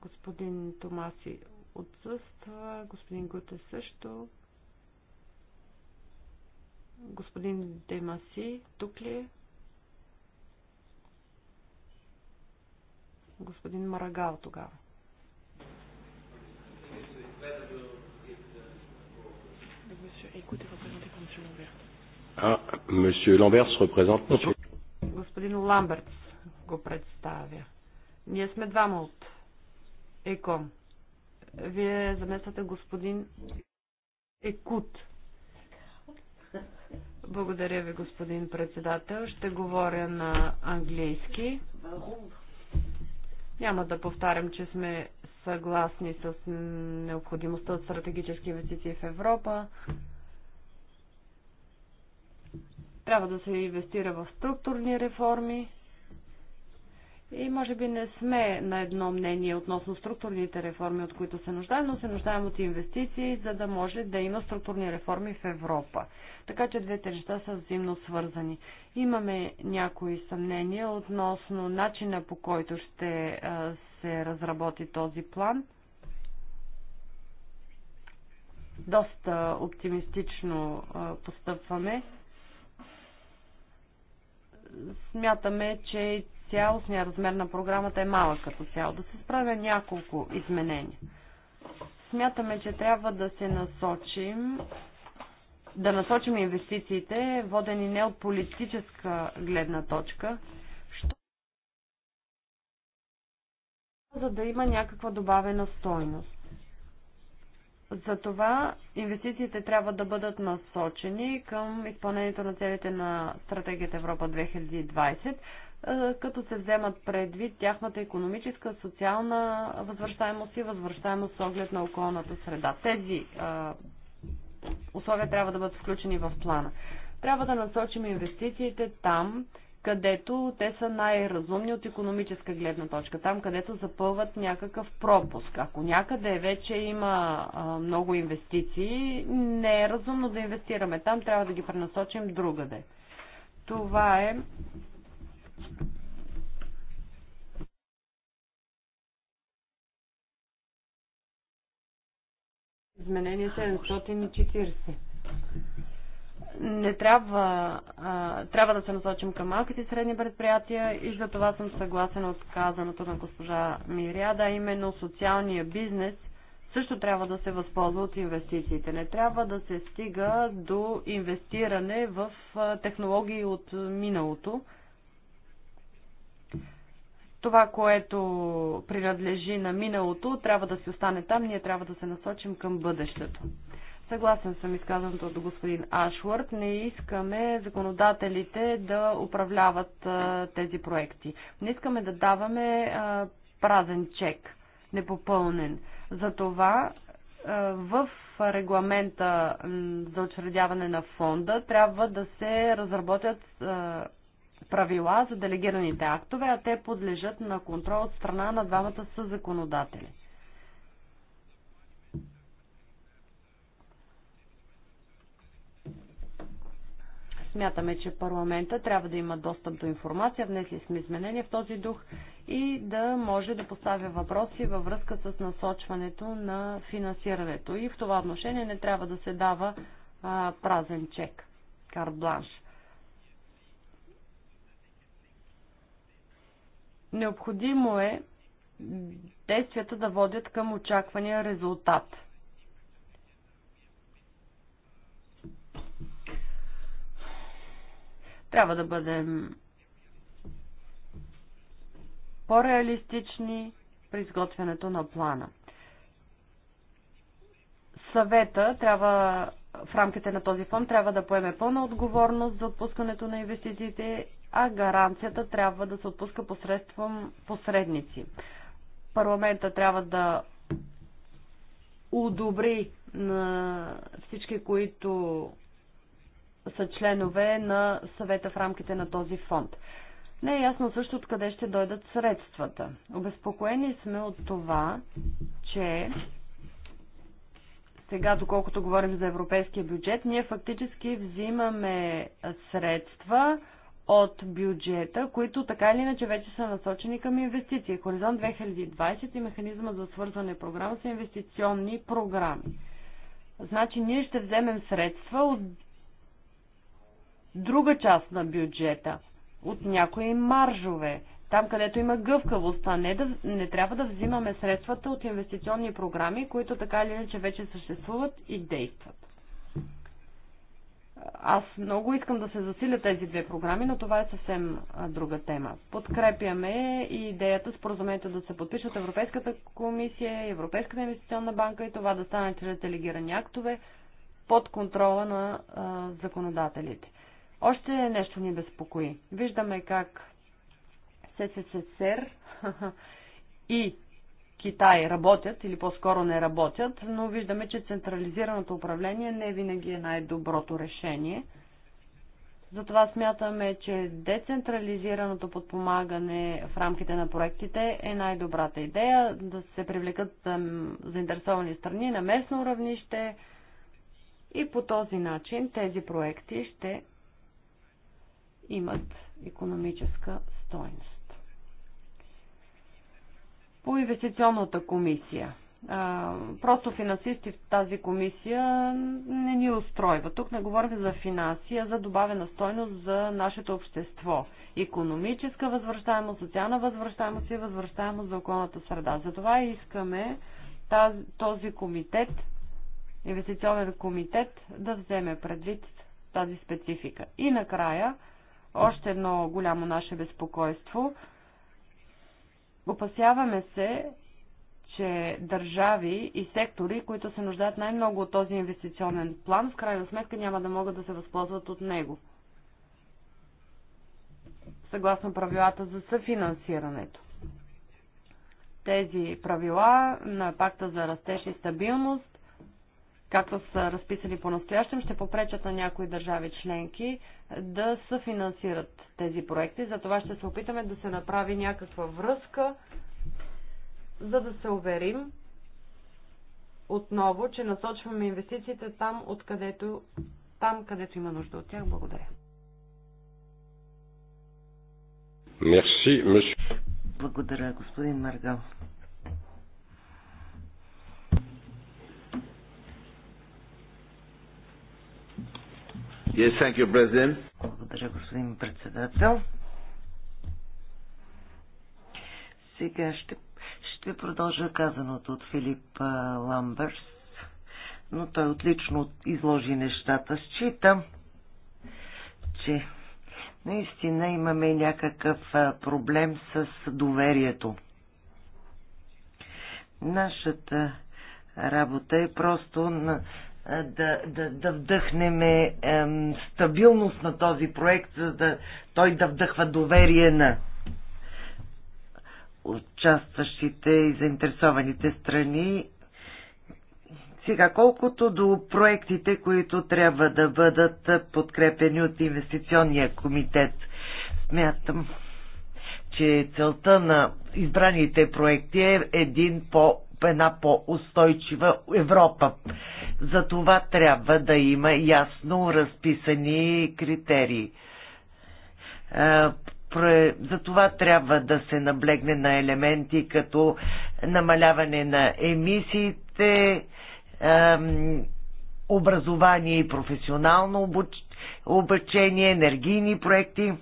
Господин Томаси отсъства, господин Гуте също. Господин Демаси тук ли е? господин Марагал тогава. Господин Ламбертс го представя. Ние сме двама от ЕКОМ. Вие замествате господин Екут. Благодаря ви, господин председател. Ще говоря на английски. Няма да повтарям, че сме съгласни с необходимостта от стратегически инвестиции в Европа. Трябва да се инвестира в структурни реформи, и може би не сме на едно мнение относно структурните реформи, от които се нуждаем, но се нуждаем от инвестиции, за да може да има структурни реформи в Европа. Така че двете неща са взаимно свързани. Имаме някои съмнения относно начина по който ще се разработи този план. Доста оптимистично постъпваме смятаме, че цялостния размер на програмата е малък като цяло. Да се справя няколко изменения. Смятаме, че трябва да се насочим да насочим инвестициите, водени не от политическа гледна точка, за да има някаква добавена стойност. Затова инвестициите трябва да бъдат насочени към изпълнението на целите на стратегията Европа 2020, като се вземат предвид тяхната економическа, социална възвръщаемост и възвръщаемост с оглед на околната среда. Тези условия трябва да бъдат включени в плана. Трябва да насочим инвестициите там, където те са най-разумни от економическа гледна точка, там където запълват някакъв пропуск. Ако някъде вече има а, много инвестиции, не е разумно да инвестираме там, трябва да ги пренасочим другаде. Това е Изменение 740. Не трябва, а, трябва да се насочим към малките и средни предприятия и за това съм съгласен от казаното на госпожа Миряда, именно социалния бизнес също трябва да се възползва от инвестициите. Не трябва да се стига до инвестиране в технологии от миналото, това, което принадлежи на миналото, трябва да си остане там, ние трябва да се насочим към бъдещето. Съгласен съм изказаното от господин Ашвард. Не искаме законодателите да управляват а, тези проекти. Не искаме да даваме а, празен чек, непопълнен. Затова в регламента за очредяване на фонда трябва да се разработят правила за делегираните актове, а те подлежат на контрол от страна на двамата със законодатели. Смятаме, че парламента трябва да има достъп до информация, внесли сме изменения в този дух и да може да поставя въпроси във връзка с насочването на финансирането. И в това отношение не трябва да се дава а, празен чек, карт бланш. Необходимо е действията да водят към очаквания резултат. Трябва да бъдем по-реалистични при изготвянето на плана. Съвета трябва в рамките на този фонд трябва да поеме пълна отговорност за отпускането на инвестициите а гаранцията трябва да се отпуска посредством посредници. Парламента трябва да удобри на всички, които са членове на съвета в рамките на този фонд. Не е ясно също откъде ще дойдат средствата. Обезпокоени сме от това, че сега, доколкото говорим за европейския бюджет, ние фактически взимаме средства, от бюджета, които така или иначе вече са насочени към инвестиции. Хоризонт 2020 и механизма за свързване програма са инвестиционни програми. Значи ние ще вземем средства от друга част на бюджета, от някои маржове, там където има гъвкавост, а не, да, не трябва да взимаме средствата от инвестиционни програми, които така или иначе вече съществуват и действат. Аз много искам да се засиля тези две програми, но това е съвсем друга тема. Подкрепяме и идеята прозумението да се подпишат Европейската комисия, Европейската инвестиционна банка и това да стане чрез делегирани актове под контрола на а, законодателите. Още нещо ни безпокои. Виждаме как СССР и Китай работят или по-скоро не работят, но виждаме, че централизираното управление не винаги е най-доброто решение. Затова смятаме, че децентрализираното подпомагане в рамките на проектите е най-добрата идея да се привлекат заинтересовани страни на местно равнище и по този начин тези проекти ще имат економическа стойност. По инвестиционната комисия. А, просто финансисти в тази комисия не ни устройва. Тук не говорим за финанси, а за добавена стойност за нашето общество. Економическа възвръщаемост, социална възвръщаемост и възвръщаемост за околната среда. Затова искаме тази, този комитет, инвестиционен комитет, да вземе предвид тази специфика. И накрая, още едно голямо наше безпокойство – Опасяваме се, че държави и сектори, които се нуждаят най-много от този инвестиционен план, в крайна сметка няма да могат да се възползват от него. Съгласно правилата за съфинансирането. Тези правила на пакта за растеж и стабилност както са разписани по-настоящем, ще попречат на някои държави членки да съфинансират тези проекти. Затова ще се опитаме да се направи някаква връзка, за да се уверим отново, че насочваме инвестициите там, откъдето, там където има нужда от тях. Благодаря. Мерси, Благодаря, господин Маргал. Yes, thank you, President. Благодаря, господин председател. Сега ще, ще продължа казаното от Филип Ламбърс, но той отлично изложи нещата. Считам, че наистина имаме някакъв проблем с доверието. Нашата работа е просто на да, да, да вдъхнем е, стабилност на този проект, за да той да вдъхва доверие на участващите и заинтересованите страни. Сега, колкото до проектите, които трябва да бъдат подкрепени от инвестиционния комитет, смятам, че целта на избраните проекти е един по, една по-устойчива Европа. За това трябва да има ясно разписани критерии. За това трябва да се наблегне на елементи като намаляване на емисиите, образование и професионално обучение, енергийни проекти.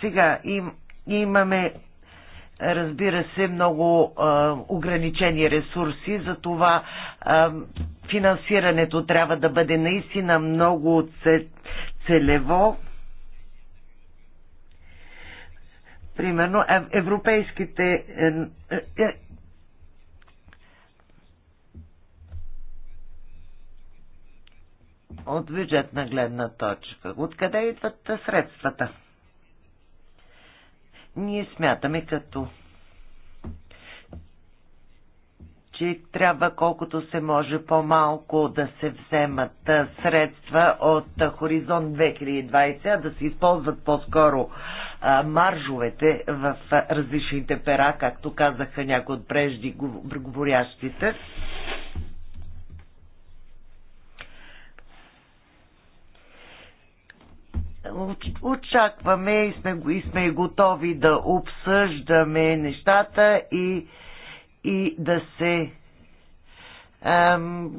Сега им, имаме разбира се, много а, ограничени ресурси, затова а, финансирането трябва да бъде наистина много целево. Примерно, европейските. Е, е, е, от бюджетна гледна точка. Откъде идват средствата? Ние смятаме като че трябва колкото се може по-малко да се вземат средства от Хоризонт 2020, а да се използват по-скоро маржовете в различните пера, както казаха някои от прежди говорящите. очакваме и сме, и сме готови да обсъждаме нещата и, и да се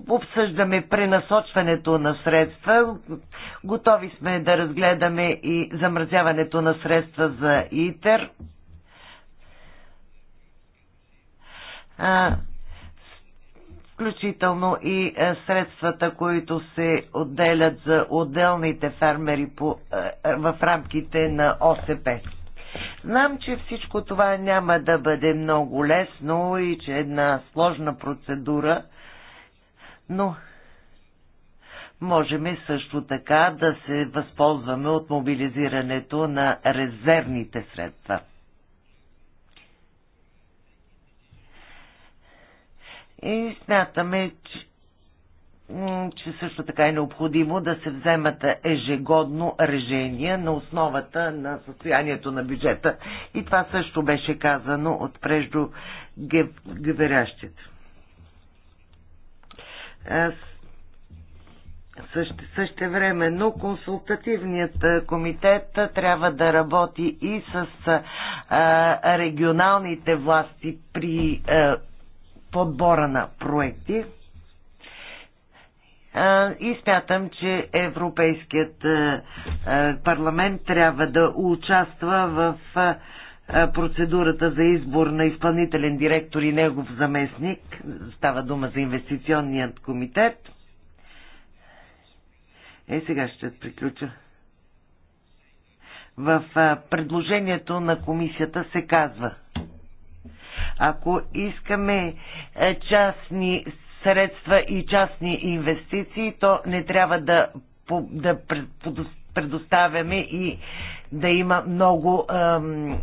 обсъждаме пренасочването на средства. Готови сме да разгледаме и замразяването на средства за ИТЕР включително и е, средствата, които се отделят за отделните фермери по, е, е, в рамките на ОСП. Знам, че всичко това няма да бъде много лесно и че е една сложна процедура, но можем също така да се възползваме от мобилизирането на резервните средства. И смятаме, че че също така е необходимо да се вземат ежегодно решения на основата на състоянието на бюджета. И това също беше казано от Съще геверящите. Също, но консултативният комитет трябва да работи и с а, регионалните власти при а, подбора на проекти. И смятам, че Европейският парламент трябва да участва в процедурата за избор на изпълнителен директор и негов заместник. Става дума за инвестиционният комитет. Е, сега ще приключа. В предложението на комисията се казва – ако искаме е, частни средства и частни инвестиции, то не трябва да, да предоставяме и да има много ем,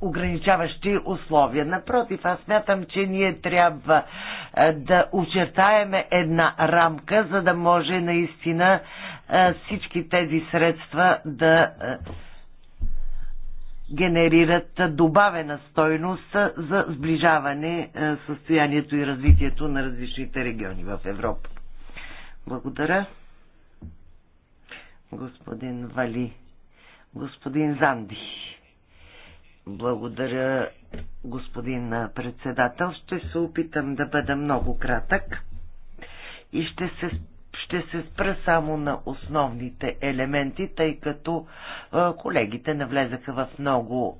ограничаващи условия. Напротив, аз смятам, че ние трябва е, да очертаеме една рамка, за да може наистина е, всички тези средства да. Е, генерират добавена стойност за сближаване е, състоянието и развитието на различните региони в Европа. Благодаря. Господин Вали. Господин Занди. Благодаря, господин председател. Ще се опитам да бъда много кратък и ще се ще се спра само на основните елементи, тъй като колегите навлезаха в много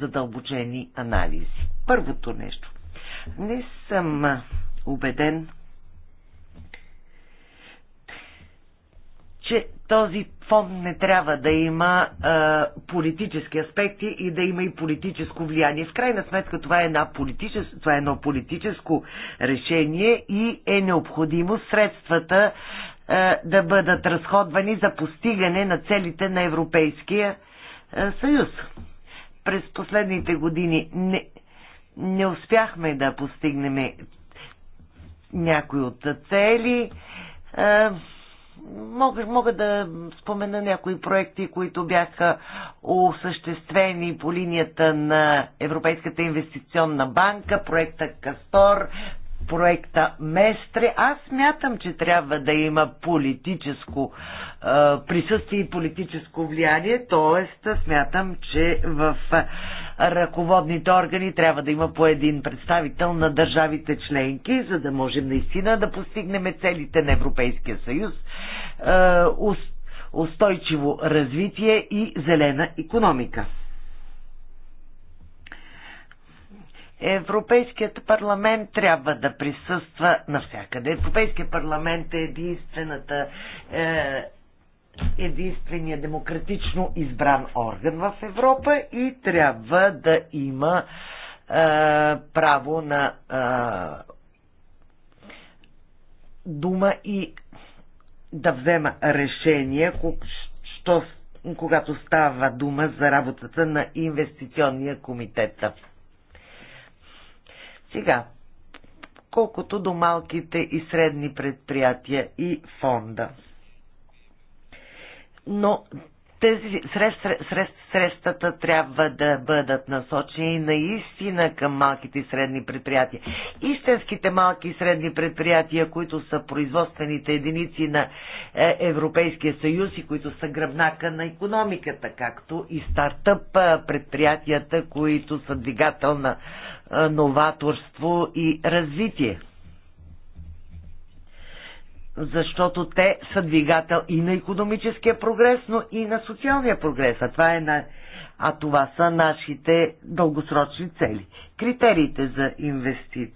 задълбочени анализи. Първото нещо. Не съм убеден, че този фонд не трябва да има а, политически аспекти и да има и политическо влияние. В крайна сметка това е, една политичес... това е едно политическо решение и е необходимо средствата а, да бъдат разходвани за постигане на целите на Европейския а, съюз. През последните години не, не успяхме да постигнем някои от цели. А, мога, мога да спомена някои проекти, които бяха осъществени по линията на Европейската инвестиционна банка, проекта Кастор, проекта Местре. Аз мятам, че трябва да има политическо присъствие и политическо влияние, т.е. смятам, че в ръководните органи трябва да има по един представител на държавите членки, за да можем наистина да постигнем целите на Европейския съюз, е, устойчиво развитие и зелена економика. Европейският парламент трябва да присъства навсякъде. Европейският парламент е единствената е, единствения демократично избран орган в Европа и трябва да има е, право на е, дума и да взема решение, що, когато става дума за работата на инвестиционния комитет. Сега, колкото до малките и средни предприятия и фонда но тези средствата, средствата трябва да бъдат насочени наистина към малките и средни предприятия. Истинските малки и средни предприятия, които са производствените единици на е, Европейския съюз и които са гръбнака на економиката, както и стартъп е, предприятията, които са двигател на е, новаторство и развитие защото те са двигател и на економическия прогрес, но и на социалния прогрес. А това, е на... а това са нашите дългосрочни цели. Критериите за, инвести...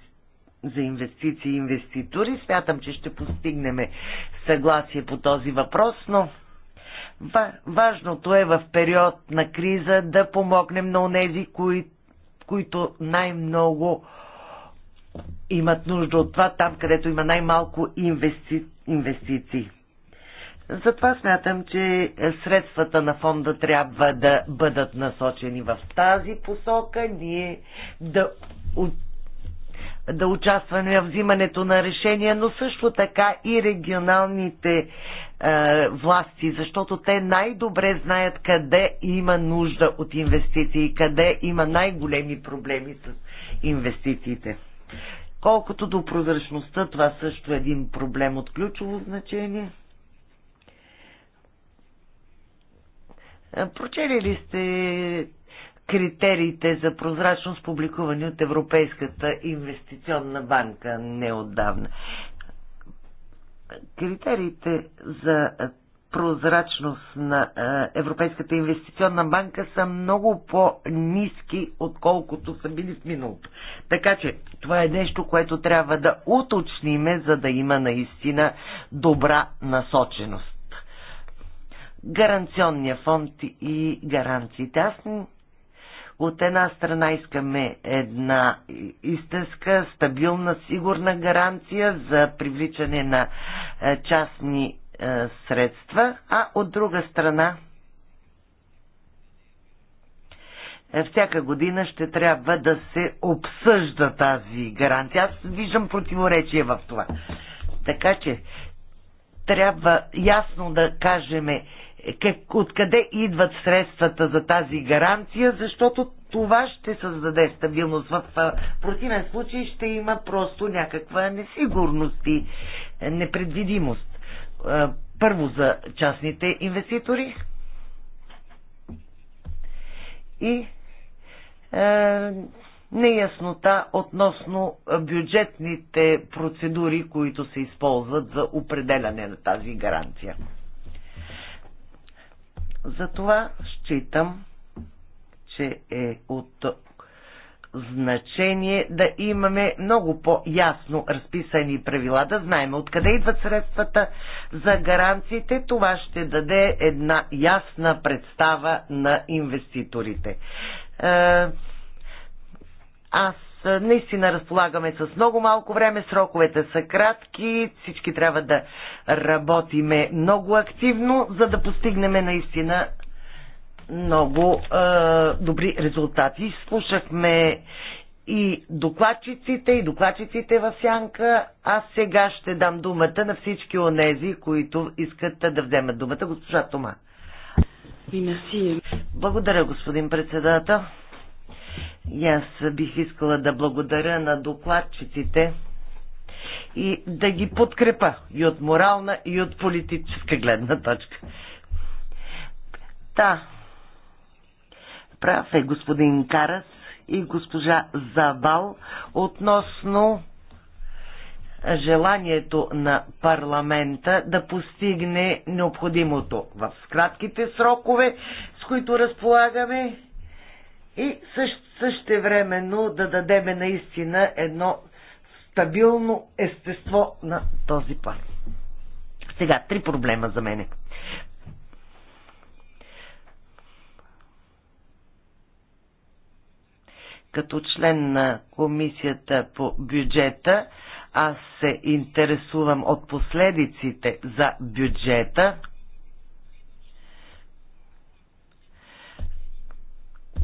за инвестиции и инвеститори, смятам, че ще постигнем съгласие по този въпрос, но важното е в период на криза да помогнем на онези, кои... които най-много имат нужда от това там, където има най-малко инвестиции инвестиции. Затова смятам, че средствата на фонда трябва да бъдат насочени в тази посока, ние да, да участваме в взимането на решения, но също така и регионалните е, власти, защото те най-добре знаят къде има нужда от инвестиции, къде има най-големи проблеми с инвестициите. Колкото до прозрачността, това също е един проблем от ключово значение. Прочели ли сте критериите за прозрачност, публикувани от Европейската инвестиционна банка неотдавна? Критериите за прозрачност на е, Европейската инвестиционна банка са много по-низки, отколкото са били в миналото. Така че това е нещо, което трябва да уточниме, за да има наистина добра насоченост. Гаранционния фонд и гаранциите. Аз от една страна искаме една истинска, стабилна, сигурна гаранция за привличане на е, частни е, средства, а от друга страна е, всяка година ще трябва да се обсъжда тази гаранция. Аз виждам противоречие в това. Така че трябва ясно да кажем е, откъде идват средствата за тази гаранция, защото това ще създаде стабилност. В противен случай ще има просто някаква несигурност и непредвидимост. Е, първо за частните инвеститори и е, неяснота относно бюджетните процедури, които се използват за определяне на тази гаранция. Затова считам, че е от значение да имаме много по-ясно разписани правила, да знаем откъде идват средствата за гаранциите. Това ще даде една ясна представа на инвеститорите. Е, аз е, наистина разполагаме с много малко време, сроковете са кратки, всички трябва да работиме много активно, за да постигнем наистина много е, добри резултати. Слушахме и докладчиците, и докладчиците в сянка. Аз сега ще дам думата на всички онези, които искат да вземат думата. Госпожа Тома. Благодаря, господин председател. И аз бих искала да благодаря на докладчиците и да ги подкрепа и от морална, и от политическа гледна точка. Та, да Прав е господин Карас и госпожа Забал относно желанието на парламента да постигне необходимото в кратките срокове, с които разполагаме и също времено да дадеме наистина едно стабилно естество на този план. Сега, три проблема за мене. като член на комисията по бюджета, аз се интересувам от последиците за бюджета.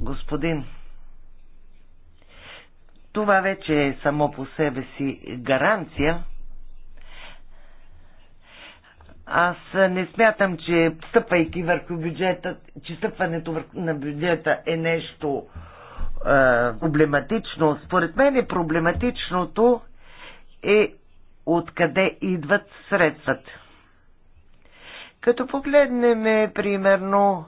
Господин, това вече е само по себе си гаранция. Аз не смятам, че стъпвайки върху бюджета, че стъпването на бюджета е нещо е, проблематично, според мен е проблематичното е откъде идват средствата. Като погледнем, примерно,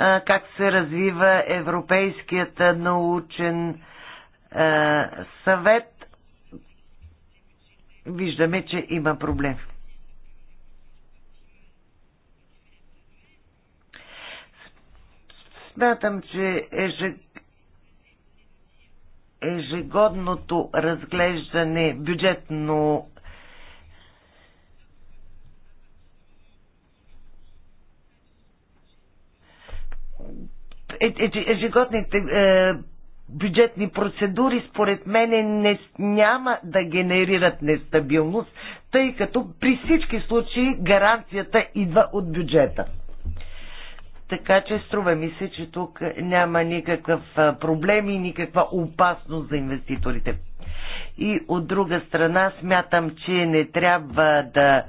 е, как се развива Европейският научен е, съвет, виждаме, че има проблем. Смятам, че ежедневно ежегодното разглеждане бюджетно е, е, е, ежегодните бюджетни процедури според мене не, няма да генерират нестабилност, тъй като при всички случаи гаранцията идва от бюджета. Така че струва ми се, че тук няма никакъв проблем и никаква опасност за инвеститорите. И от друга страна смятам, че не трябва да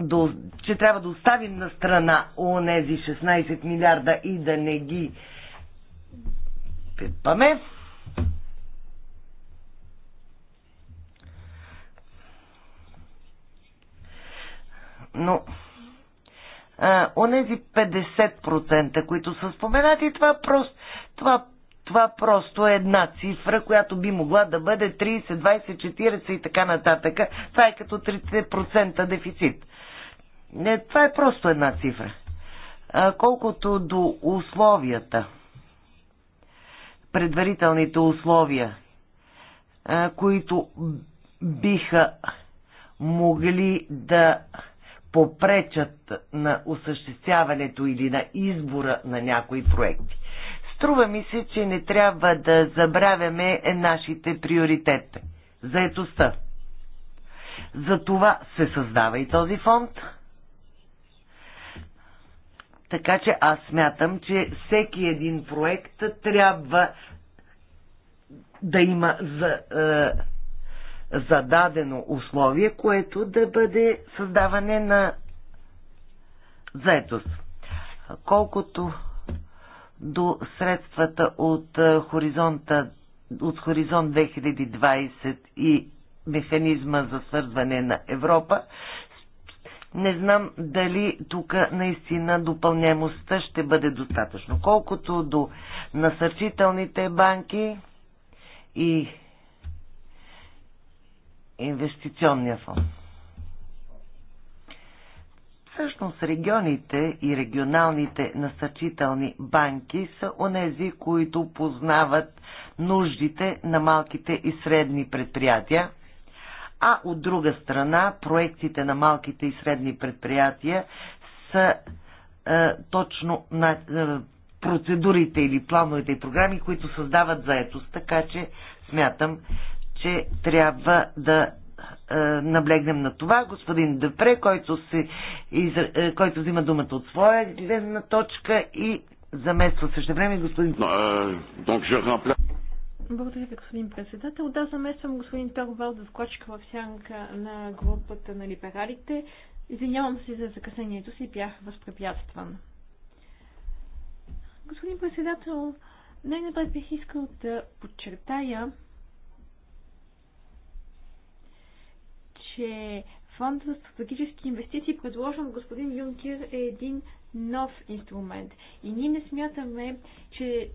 до, че трябва да оставим на страна онези 16 милиарда и да не ги пипаме. Но... No онези 50%, които са споменати, това просто, това, това просто е една цифра, която би могла да бъде 30, 20, 40 и така нататък. Това е като 30% дефицит. Не, това е просто една цифра. А, колкото до условията, предварителните условия, а, които биха могли да попречат на осъществяването или на избора на някои проекти. Струва ми се, че не трябва да забравяме нашите приоритети. Заетостта. За това се създава и този фонд. Така че аз смятам, че всеки един проект трябва да има за, е, зададено условие, което да бъде създаване на заедост. Колкото до средствата от хоризонта от Хоризонт 2020 и механизма за свързване на Европа. Не знам дали тук наистина допълняемостта ще бъде достатъчно. Колкото до насърчителните банки и инвестиционния фонд. Всъщност регионите и регионалните насъчителни банки са онези, които познават нуждите на малките и средни предприятия, а от друга страна проектите на малките и средни предприятия са е, точно на, е, процедурите или плановете и програми, които създават заетост. Така че смятам, че трябва да е, наблегнем на това. Господин Депре, който, се, е, който взима думата от своя гледна точка и замества също време господин... Е, Благодаря ви, господин председател. Да, замествам господин Торвал за скочка в сянка на групата на либералите. Извинявам се за закъснението си, бях възпрепятстван. Господин председател, най-напред бих искал да подчертая, че фондът за стратегически инвестиции, предложен от господин Юнкер, е един нов инструмент. И ние не смятаме, че,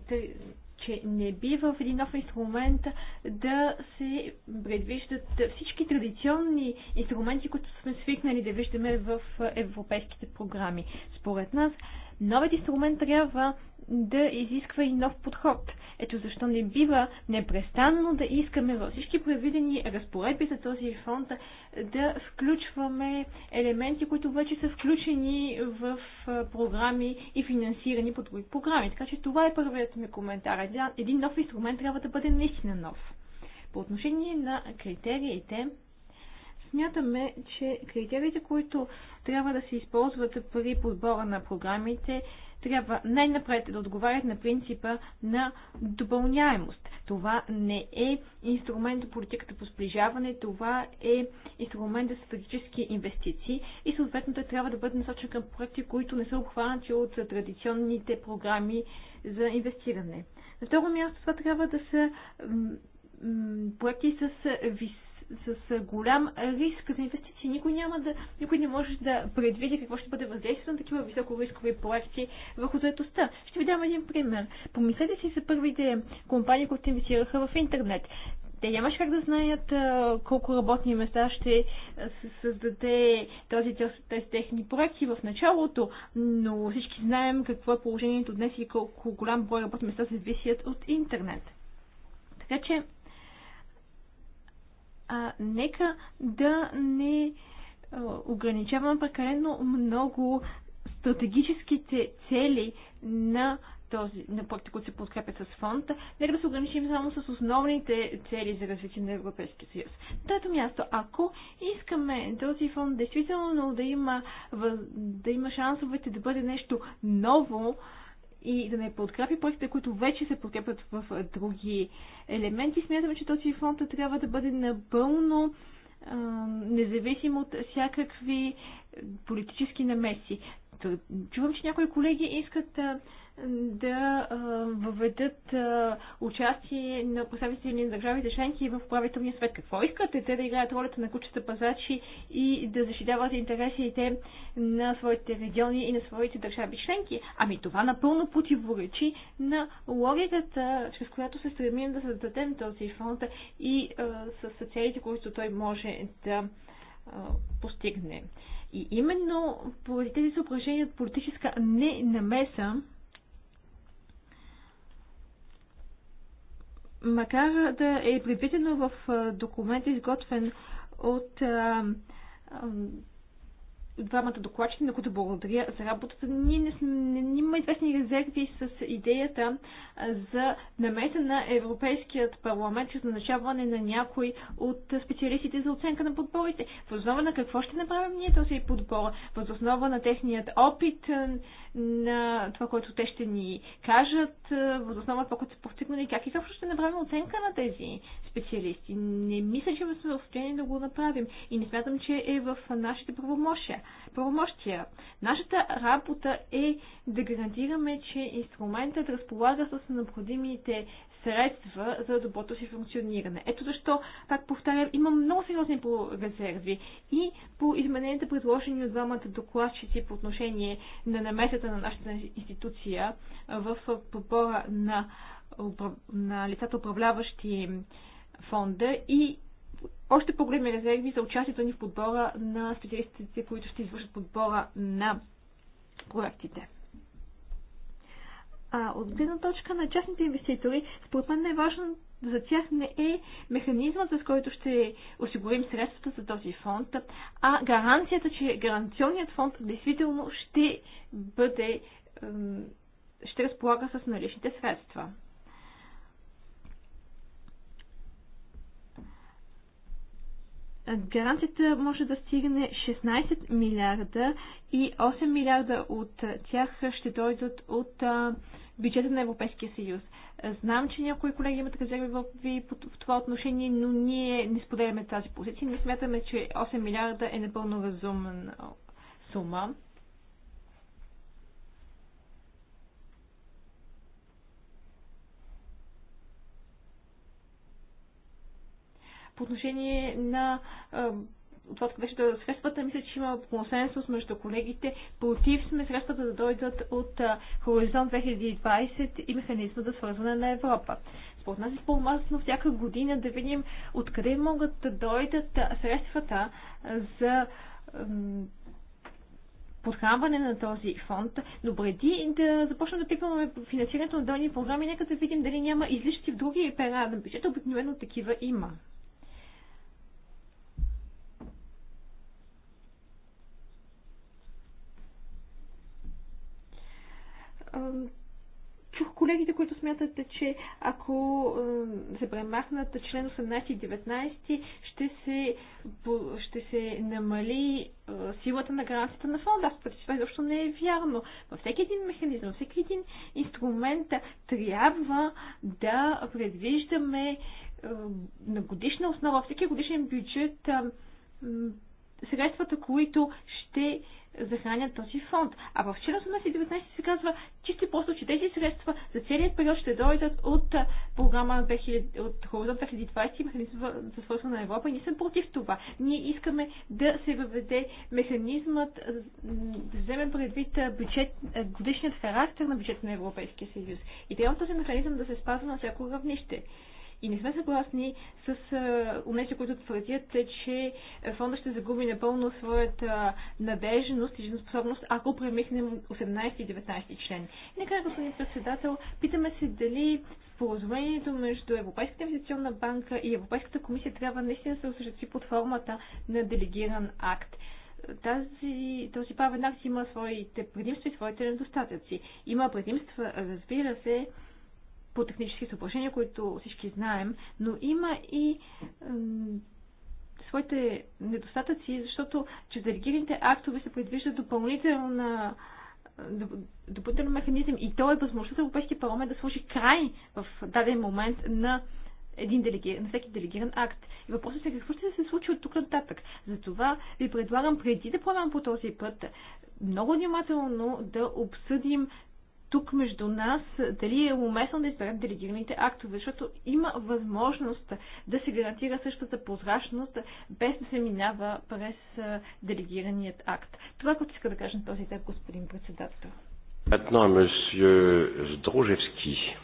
че не бива в един нов инструмент да се предвиждат всички традиционни инструменти, които сме свикнали да виждаме в европейските програми. Според нас, новият инструмент трябва да изисква и нов подход. Ето защо не бива непрестанно да искаме във всички предвидени разпоредби за този фонд да включваме елементи, които вече са включени в програми и финансирани по други програми. Така че това е първият ми коментар. Един нов инструмент трябва да бъде наистина нов. По отношение на критериите, смятаме, че критериите, които трябва да се използват при подбора на програмите, трябва най-напред да отговарят на принципа на допълняемост. Това не е инструмент за политиката по сближаване, това е инструмент за стратегически инвестиции и съответно те трябва да бъде насочени към проекти, които не са обхванати от традиционните програми за инвестиране. На второ място това трябва да са проекти с висок с голям риск за инвестиции. Никой, няма да, никой не може да предвиди какво ще бъде въздействието на такива високо рискови проекти върху заедостта. Ще ви дам един пример. Помислете си за първите компании, които инвестираха в интернет те нямаш как да знаят а, колко работни места ще създаде този, тези техни проекти в началото, но всички знаем какво е положението днес и колко голям брой работни места се зависят от интернет. Така че а нека да не ограничаваме прекалено много стратегическите цели на този, на проекти, които се подкрепят с фонда, нека да се ограничим само с основните цели за развитие на Европейския съюз. трето място, ако искаме този фонд действително да има, да има шансовете да бъде нещо ново, и да не подкрепи проектите, които вече се подкрепят в други елементи. Смятаме, че този фонд трябва да бъде напълно независим от всякакви политически намеси. Чувам, че някои колеги искат да въведат участие на представители на държавите членки в управителния свет. Какво искате? Те да играят ролята на кучета пазачи и да защитават интересите на своите региони и на своите държави членки. Ами това напълно противоречи на логиката, чрез която се стремим да създадем този фонд и а, с целите, които той може да а, постигне. И именно поради тези съображения от политическа ненамеса, макар да е предвидено в документ, изготвен от двамата докладчици, на които благодаря за работата. Ние не, не, не има известни резерви с идеята за намеса на Европейският парламент за назначаване на някой от специалистите за оценка на подборите. Възоснова на какво ще направим ние този подбор? Възоснова на техният опит, на това, което те ще ни кажат, възоснова на това, което са постигнали, как и също ще направим оценка на тези специалисти. Не мисля, че сме в състояние да го направим и не смятам, че е в нашите правомощия правомощия. Нашата работа е да гарантираме, че инструментът разполага с необходимите средства за доброто си функциониране. Ето защо, пак повтарям, има много сериозни по резерви и по измененията, предложени от двамата докладчици по отношение на намесата на нашата институция в подбора на, на лицата управляващи фонда и още по-големи резерви за участието ни в подбора на специалистите, които ще извършат подбора на проектите. А от гледна точка на частните инвеститори, според мен най-важно за тях не е механизмът, с който ще осигурим средствата за този фонд, а гаранцията, че гаранционният фонд действително ще бъде, ще разполага с наличните средства. гаранцията може да стигне 16 милиарда и 8 милиарда от тях ще дойдат от бюджета на Европейския съюз. Знам, че някои колеги имат резерви в това отношение, но ние не споделяме тази позиция. Не смятаме, че 8 милиарда е напълно разумна сума. По отношение на това, беше да средствата, мисля, че има консенсус между колегите. Против сме средствата да дойдат от Хоризонт 2020 и механизма за свързване на Европа. Според нас е по-масно всяка година да видим откъде могат да дойдат средствата за подхранване на този фонд, но преди да започнем да пипаме финансирането на дълни програми, нека да видим дали няма излишки в други пера на бюджета, обикновено такива има. чух колегите, които смятат, че ако се премахнат член 18 и 19, ще се, ще се намали силата на гаранцията на фонда. Аз това изобщо не е вярно. Във всеки един механизъм, във всеки един инструмент трябва да предвиждаме на годишна основа, всеки годишен бюджет средствата, които ще захранят този фонд. А в член на 19 се казва че ще просто, че тези средства за целият период ще дойдат от програма 2000, от Хоризонт 2020 и механизма за свързване на Европа и ние сме против това. Ние искаме да се въведе механизмът, да вземем предвид бюджет, годишният характер на бюджета на Европейския съюз. И трябва този механизъм да се спазва на всяко равнище. И не сме съгласни с унеси, които твърдят, е, че фонда ще загуби напълно своята надежност и жизнеспособност, ако премихнем 18 и 19 член. И господин председател, питаме се дали споразумението между Европейската инвестиционна банка и Европейската комисия трябва наистина да се осъществи под формата на делегиран акт тази, този правен акт има своите предимства и своите недостатъци. Има предимства, разбира се, по технически съображения, които всички знаем, но има и своите недостатъци, защото че делегираните актове се предвижда допълнителна допълнителен механизъм и то е възможността Европейския парламент да сложи край в даден момент на един делегиран, на всеки делегиран акт. И въпросът е какво ще се случи от тук нататък. Затова ви предлагам преди да поемам по този път много внимателно да обсъдим тук между нас дали е уместно да изберем делегираните актове, защото има възможност да се гарантира същата прозрачност, без да се минава през делегираният акт. Това, което иска да кажа на този етап, господин председател. Maintenant, monsieur Zdrojewski.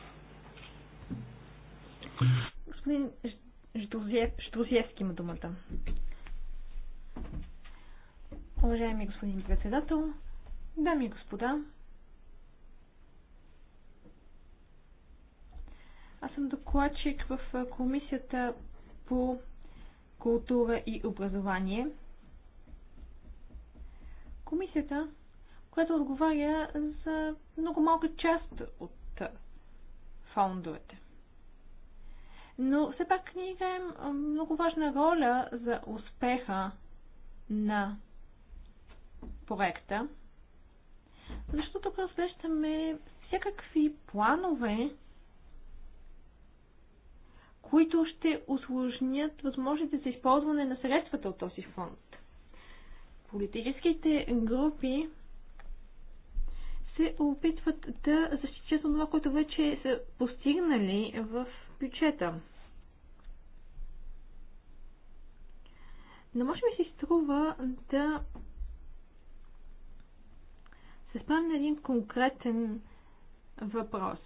Господин Ждрузевски има думата. Уважаеми господин председател, дами и господа, Аз съм докладчик в Комисията по култура и образование. Комисията, която отговаря за много малка част от фондовете. Но все пак ние играем много важна роля за успеха на проекта, защото тук разглеждаме всякакви планове, които ще осложнят възможностите за използване на средствата от този фонд. Политическите групи се опитват да защитят това, което вече са постигнали в бюджета. Но може би си струва да се спам на един конкретен въпрос.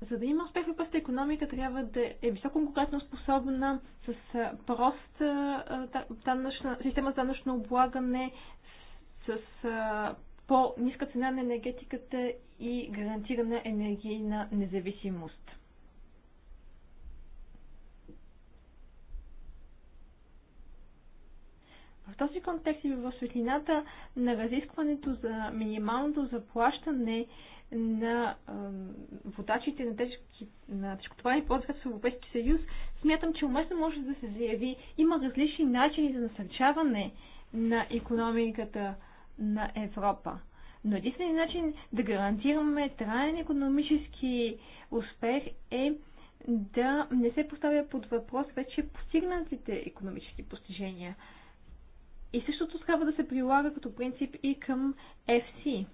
За да има успех в пъста економика, трябва да е високо конкретно способна, с проста система за данъчно облагане, с по-ниска цена на енергетиката и гарантирана енергийна независимост. В този контекст и в светлината на разискването за минималното заплащане на водачите на, тежки, на тежкотоварни подвига в Европейския съюз, смятам, че уместно може да се заяви, има различни начини за насърчаване на економиката на Европа. Но единственият начин да гарантираме траен економически успех е да не се поставя под въпрос вече постигнатите економически постижения. И същото трябва да се прилага като принцип и към FC.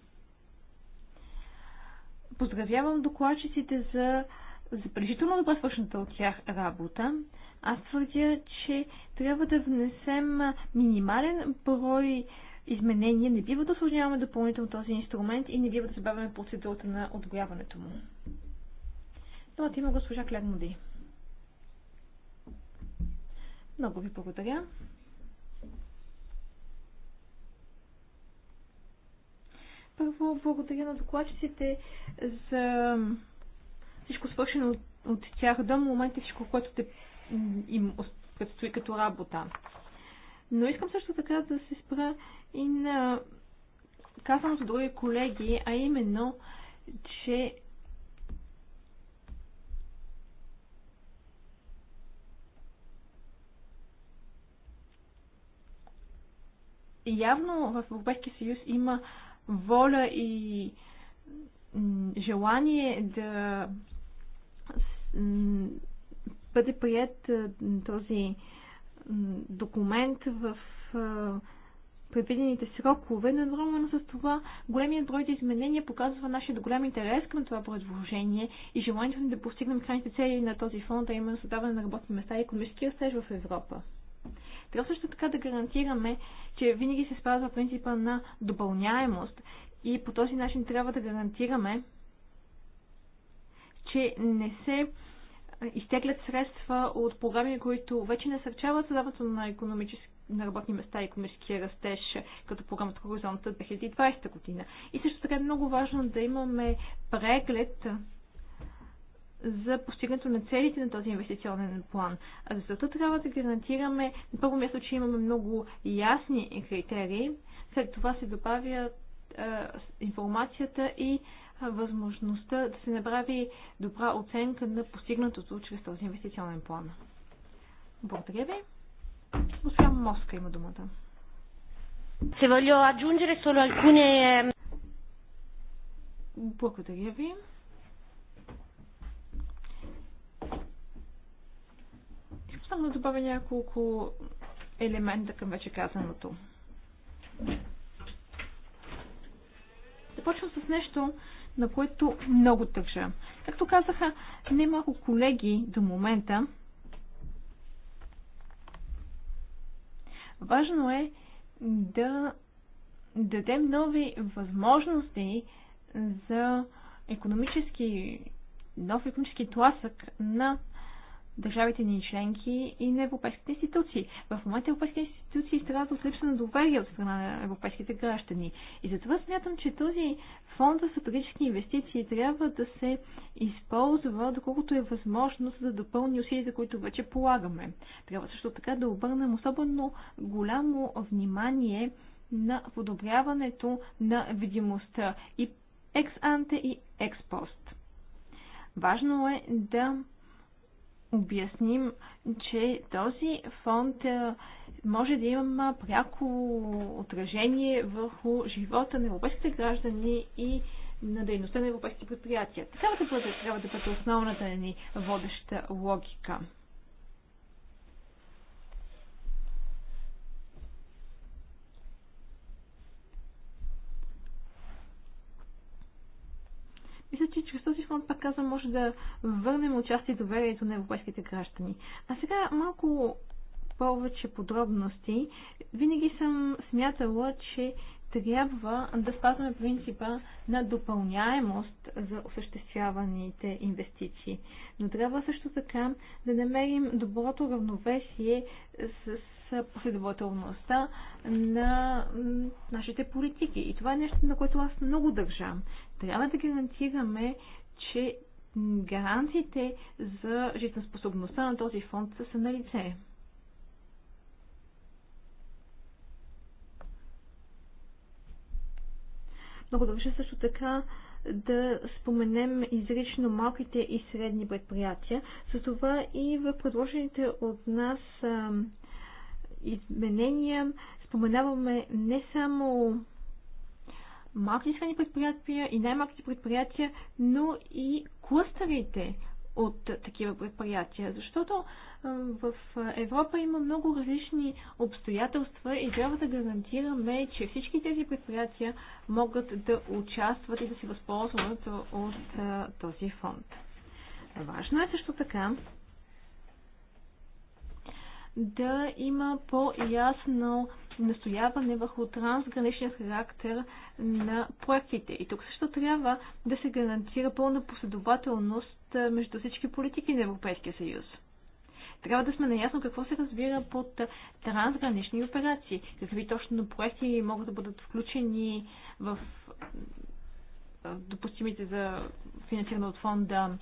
Поздравявам докладчиците за забележително добре свършната от тях работа. Аз твърдя, че трябва да внесем минимален брой изменения. Не бива да осложняваме допълнително този инструмент и не бива да забавяме процедурата на отгояването му. Думата има госпожа Моди. Много ви благодаря. Първо, благодаря на докладчиците за всичко свършено от, от тях до момента всичко, което те, им предстои като работа. Но искам също така да се спра и на казаното други колеги, а именно, че явно в Европейския съюз има воля и желание да бъде прият този документ в предвидените срокове, но едновременно с това големият брой изменения показва нашия голям интерес към това предложение и желанието ни да постигнем крайните цели на този фонд, а именно създаване на работни места и економически растеж в Европа. Трябва също така да гарантираме, че винаги се спазва принципа на допълняемост и по този начин трябва да гарантираме, че не се изтеглят средства от програми, които вече насърчават създаването на економически на работни места и економическия растеж, като програмата Хоризонта 2020 година. И също така е много важно да имаме преглед за постигането на целите на този инвестиционен план. А за трябва да гарантираме на първо място, че имаме много ясни критерии. След това се добавя а, информацията и а, възможността да се направи добра оценка на постигнатото чрез този инвестиционен план. Благодаря ви. Освен Моска има думата. Благодаря ви. само да добавя няколко елемента към вече казаното. Започвам с нещо, на което много тъжа. Както казаха немалко колеги до момента, важно е да дадем нови възможности за економически, нов економически тласък на държавите ни членки и на европейските институции. В момента европейските институции страдат от липса на доверие от страна на европейските граждани. И затова смятам, че този фонд за стратегически инвестиции трябва да се използва, доколкото е възможно, за да допълни усилията, които вече полагаме. Трябва също така да обърнем особено голямо внимание на подобряването на видимостта и екс-анте и експост. Важно е да обясним, че този фонд е, може да има пряко отражение върху живота на европейските граждани и на дейността на европейски предприятия. Такава да трябва да бъде основната ни водеща логика. Мисля, че чрез този фонд, пак казвам, може да върнем участие и доверието на европейските граждани. А сега малко повече подробности. Винаги съм смятала, че трябва да спазваме принципа на допълняемост за осъществяваните инвестиции. Но трябва също така да намерим доброто равновесие с последователността на нашите политики. И това е нещо, на което аз много държам. Трябва да гарантираме, че гаранциите за жизнеспособността на този фонд са, са на лице. Много добре също така да споменем изрично малките и средни предприятия. За това и в предложените от нас изменения споменаваме не само малки и средни предприятия и най-малките предприятия, но и клъстерите от такива предприятия, защото в Европа има много различни обстоятелства и трябва да гарантираме, че всички тези предприятия могат да участват и да се възползват от този фонд. Важно е също така да има по-ясно настояване върху трансграничния характер на проектите. И тук също трябва да се гарантира пълна последователност между всички политики на Европейския съюз. Трябва да сме наясно какво се разбира под трансгранични операции, какви точно проекти могат да бъдат включени в допустимите за финансиране от фонда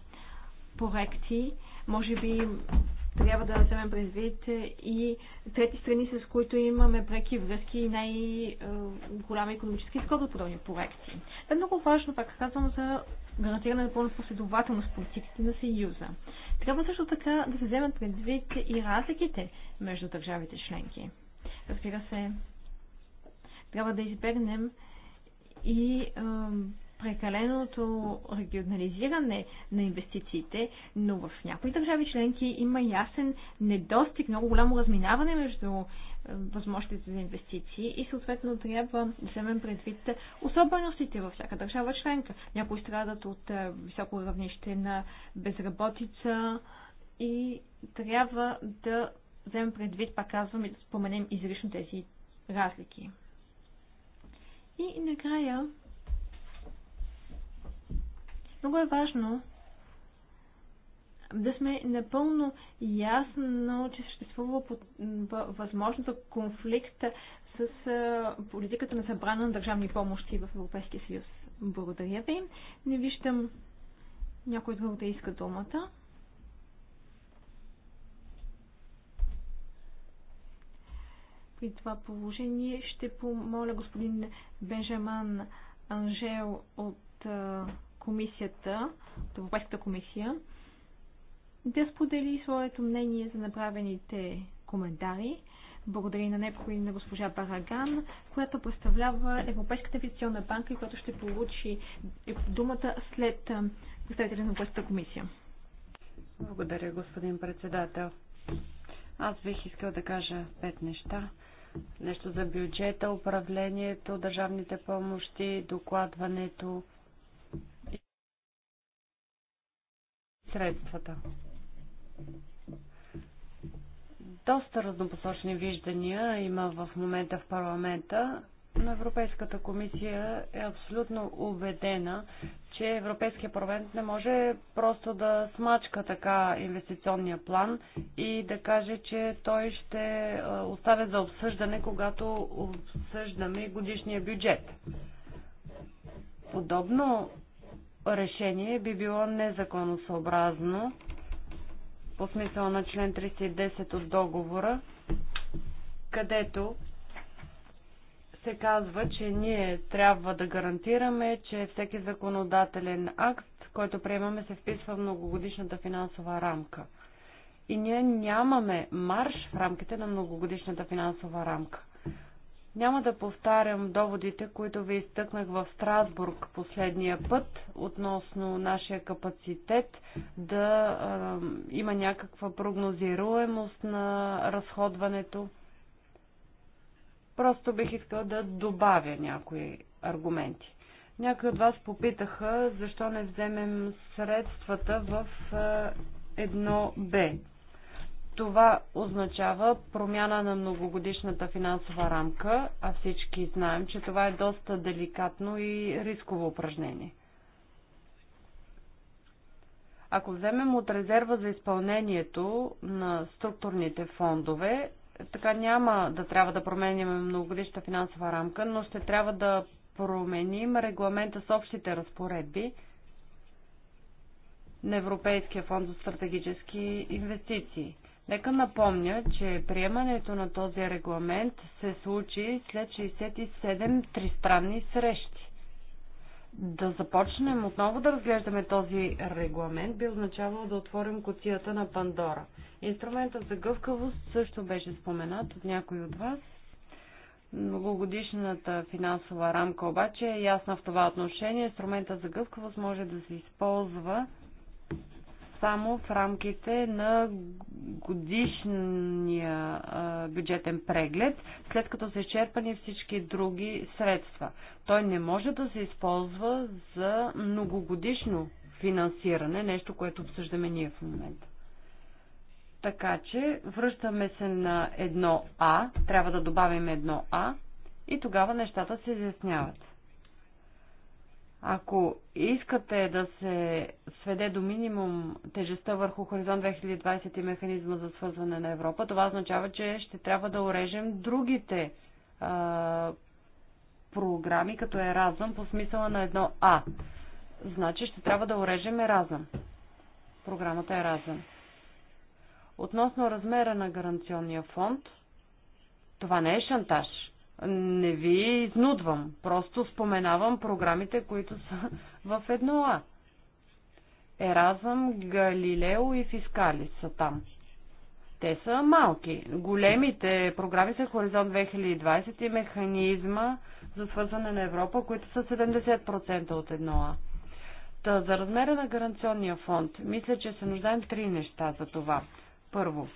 проекти. Може би трябва да вземем предвид и трети страни, с които имаме преки връзки и най-голяма економически изход от подобни проекти. Това е много важно, пак казвам, за гарантиране на пълна последователност политиките на Съюза. Трябва също така да се вземат предвид и разликите между държавите членки. Разбира се, трябва да избегнем и прекаленото регионализиране на инвестициите, но в някои държави членки има ясен недостиг, много голямо разминаване между е, възможностите за инвестиции и съответно трябва да вземем предвид особеностите във всяка държава членка. Някои страдат от е, високо равнище на безработица и трябва да вземем предвид, пак казвам, и да споменем изрично тези разлики. И накрая много е важно да сме напълно ясно, че съществува възможност за конфликт с политиката на събрана на държавни помощи в Европейския съюз. Благодаря ви. Не виждам някой друг да иска думата. При това положение ще помоля господин Бенжаман Анжел от комисията, от Европейската комисия, да сподели своето мнение за направените коментари. Благодаря на НЕПКО и на госпожа Бараган, която представлява Европейската инвестиционна банка и която ще получи думата след представителя на Европейската комисия. Благодаря, господин председател. Аз бих искал да кажа пет неща. Нещо за бюджета, управлението, държавните помощи, докладването средствата. Доста разнопосочни виждания има в момента в парламента, но Европейската комисия е абсолютно убедена, че Европейския парламент не може просто да смачка така инвестиционния план и да каже, че той ще е, оставя за обсъждане, когато обсъждаме годишния бюджет. Подобно решение би било незаконосъобразно по смисъла на член 310 от договора, където се казва, че ние трябва да гарантираме, че всеки законодателен акт, който приемаме, се вписва в многогодишната финансова рамка. И ние нямаме марш в рамките на многогодишната финансова рамка. Няма да повтарям доводите, които ви изтъкнах в Страсбург последния път относно нашия капацитет да а, има някаква прогнозируемост на разходването. Просто бих искала да добавя някои аргументи. Някои от вас попитаха защо не вземем средствата в 1Б. Това означава промяна на многогодишната финансова рамка, а всички знаем, че това е доста деликатно и рисково упражнение. Ако вземем от резерва за изпълнението на структурните фондове, така няма да трябва да променяме многогодишната финансова рамка, но ще трябва да променим регламента с общите разпоредби на Европейския фонд за стратегически инвестиции. Нека напомня, че приемането на този регламент се случи след 67 тристранни срещи. Да започнем отново да разглеждаме този регламент би означавало да отворим котията на Пандора. Инструментът за гъвкавост също беше споменат от някой от вас. Многогодишната финансова рамка обаче е ясна в това отношение. Инструментът за гъвкавост може да се използва само в рамките на годишния бюджетен преглед, след като са изчерпани всички други средства. Той не може да се използва за многогодишно финансиране, нещо, което обсъждаме ние в момента. Така че връщаме се на едно А, трябва да добавим едно А и тогава нещата се изясняват. Ако искате да се сведе до минимум тежестта върху Хоризонт 2020 и механизма за свързване на Европа, това означава, че ще трябва да урежем другите а, програми, като Еразъм, по смисъла на едно А. Значи ще трябва да урежем разъм. Програмата Еразъм. Относно размера на гаранционния фонд, това не е шантаж – не ви изнудвам. Просто споменавам програмите, които са в едно А. Еразъм, Галилео и Фискали са там. Те са малки. Големите програми са Хоризонт 2020 и механизма за свързване на Европа, които са 70% от едно А. Та, за размера на гаранционния фонд, мисля, че се нуждаем три неща за това. Първо,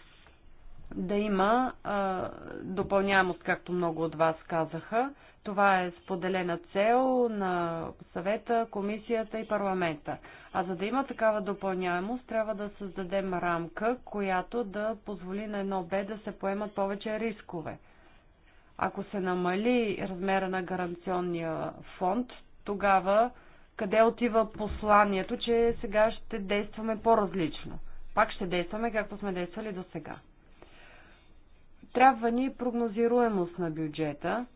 да има а, допълняемост, както много от вас казаха. Това е споделена цел на съвета, комисията и парламента. А за да има такава допълняемост, трябва да създадем рамка, която да позволи на едно бе да се поемат повече рискове. Ако се намали размера на гаранционния фонд, тогава къде отива посланието, че сега ще действаме по-различно? Пак ще действаме както сме действали до сега. Трябва ни прогнозируемост на бюджета.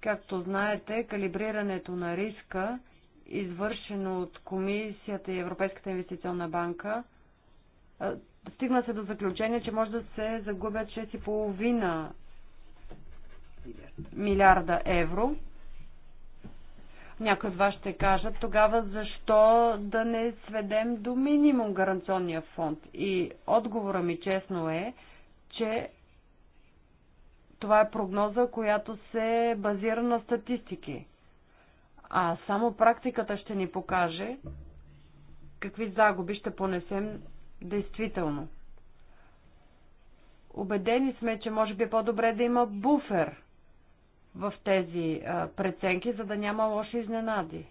Както знаете, калибрирането на риска, извършено от Комисията и Европейската инвестиционна банка, стигна се до заключение, че може да се загубят 6,5 милиарда евро. Някои от вас ще кажат тогава защо да не сведем до минимум гаранционния фонд. И отговора ми честно е, че това е прогноза, която се базира на статистики. А само практиката ще ни покаже какви загуби ще понесем действително. Обедени сме, че може би е по-добре да има буфер в тези преценки, за да няма лоши изненади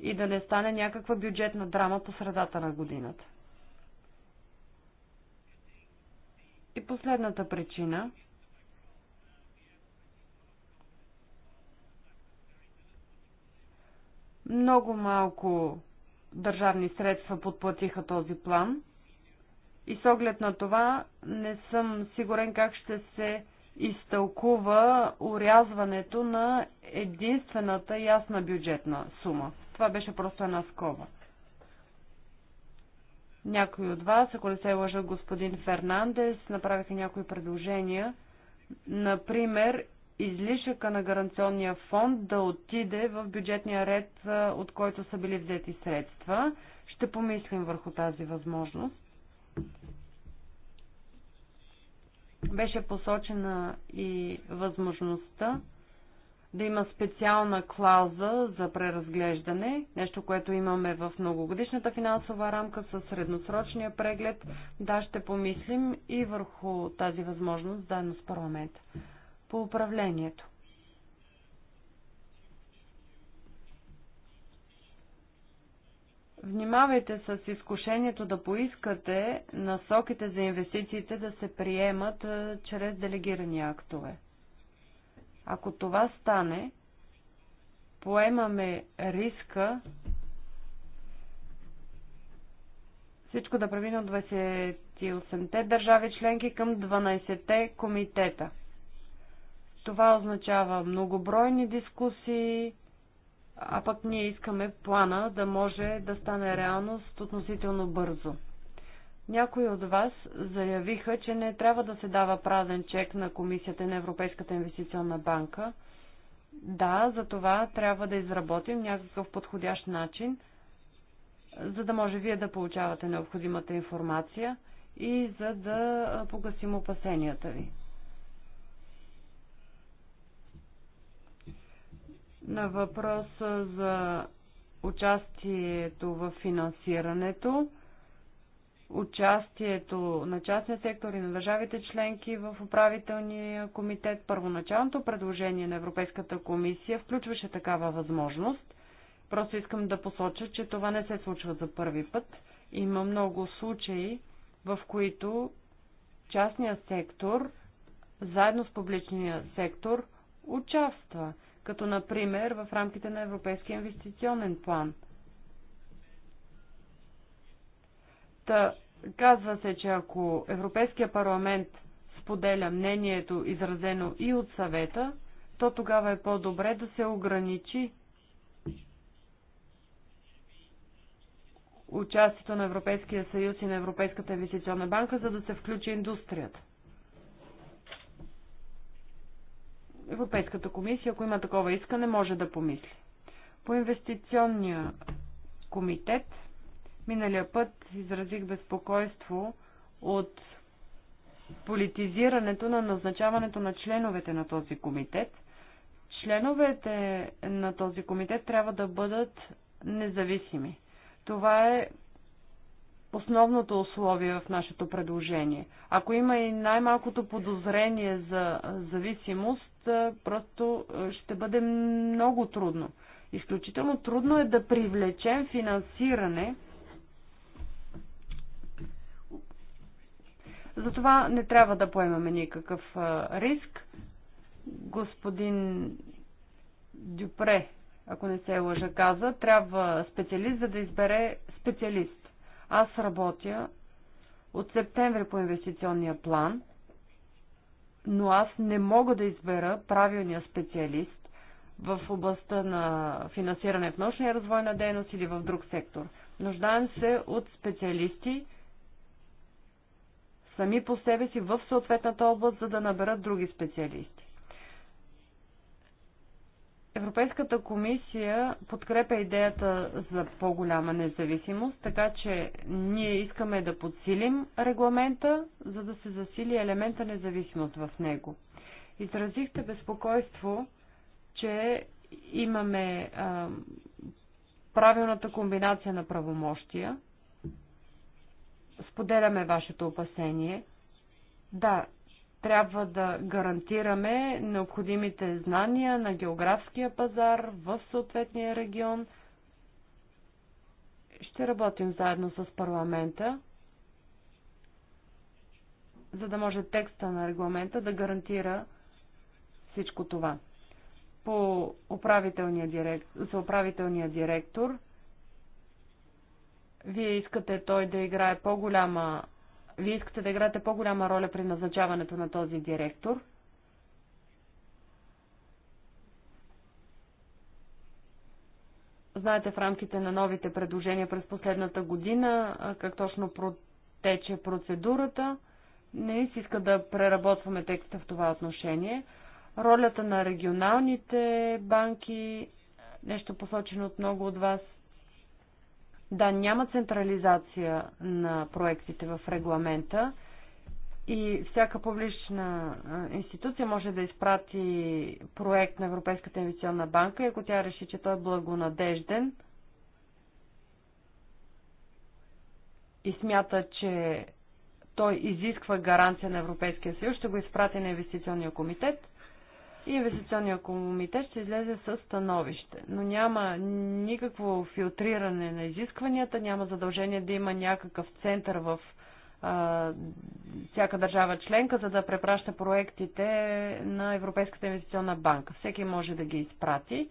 и да не стане някаква бюджетна драма по средата на годината. И последната причина – Много малко държавни средства подплатиха този план и с оглед на това не съм сигурен как ще се изтълкува урязването на единствената ясна бюджетна сума. Това беше просто една скоба. Някои от вас, ако не се лъжа господин Фернандес, направиха някои предложения. Например, излишъка на гаранционния фонд да отиде в бюджетния ред, от който са били взети средства. Ще помислим върху тази възможност. Беше посочена и възможността да има специална клауза за преразглеждане, нещо, което имаме в многогодишната финансова рамка със средносрочния преглед. Да, ще помислим и върху тази възможност заедно с парламент по управлението. Внимавайте с изкушението да поискате насоките за инвестициите да се приемат е, чрез делегирани актове. Ако това стане, поемаме риска всичко да премине от 28-те държави членки към 12-те комитета – това означава многобройни дискусии, а пък ние искаме плана да може да стане реалност относително бързо. Някои от вас заявиха, че не трябва да се дава празен чек на Комисията на Европейската инвестиционна банка. Да, за това трябва да изработим някакъв подходящ начин, за да може вие да получавате необходимата информация и за да погасим опасенията ви. На въпроса за участието в финансирането, участието на частния сектор и на държавите членки в управителния комитет. Първоначалното предложение на Европейската комисия включваше такава възможност. Просто искам да посоча, че това не се случва за първи път. Има много случаи, в които частният сектор заедно с публичния сектор участва като например в рамките на Европейския инвестиционен план. Та, казва се, че ако Европейския парламент споделя мнението, изразено и от съвета, то тогава е по-добре да се ограничи участието на Европейския съюз и на Европейската инвестиционна банка, за да се включи индустрията. Европейската комисия, ако има такова искане, може да помисли. По инвестиционния комитет миналия път изразих безпокойство от политизирането на назначаването на членовете на този комитет. Членовете на този комитет трябва да бъдат независими. Това е основното условие в нашето предложение. Ако има и най-малкото подозрение за зависимост, просто ще бъде много трудно. Изключително трудно е да привлечем финансиране. Затова не трябва да поемаме никакъв риск. Господин Дюпре, ако не се лъжа, каза, трябва специалист, за да избере специалист. Аз работя от септември по инвестиционния план – но аз не мога да избера правилния специалист в областта на финансиране в научния развой на дейност или в друг сектор. Нуждаем се от специалисти сами по себе си в съответната област, за да наберат други специалисти. Европейската комисия подкрепя идеята за по-голяма независимост, така че ние искаме да подсилим регламента, за да се засили елемента независимост в него. Изразихте безпокойство, че имаме а, правилната комбинация на правомощия. Споделяме вашето опасение. Да, трябва да гарантираме необходимите знания на географския пазар в съответния регион. Ще работим заедно с парламента, за да може текста на регламента да гарантира всичко това. По управителния директ, за управителния директор, вие искате той да играе по-голяма вие искате да играете по-голяма роля при назначаването на този директор. Знаете в рамките на новите предложения през последната година как точно протече процедурата. Не си иска да преработваме текста в това отношение. Ролята на регионалните банки, нещо посочено от много от вас – да, няма централизация на проектите в регламента и всяка публична институция може да изпрати проект на Европейската инвестиционна банка и ако тя реши, че той е благонадежден и смята, че той изисква гаранция на Европейския съюз, ще го изпрати на инвестиционния комитет и инвестиционния комитет ще излезе с становище. Но няма никакво филтриране на изискванията, няма задължение да има някакъв център в а, всяка държава членка, за да препраща проектите на Европейската инвестиционна банка. Всеки може да ги изпрати,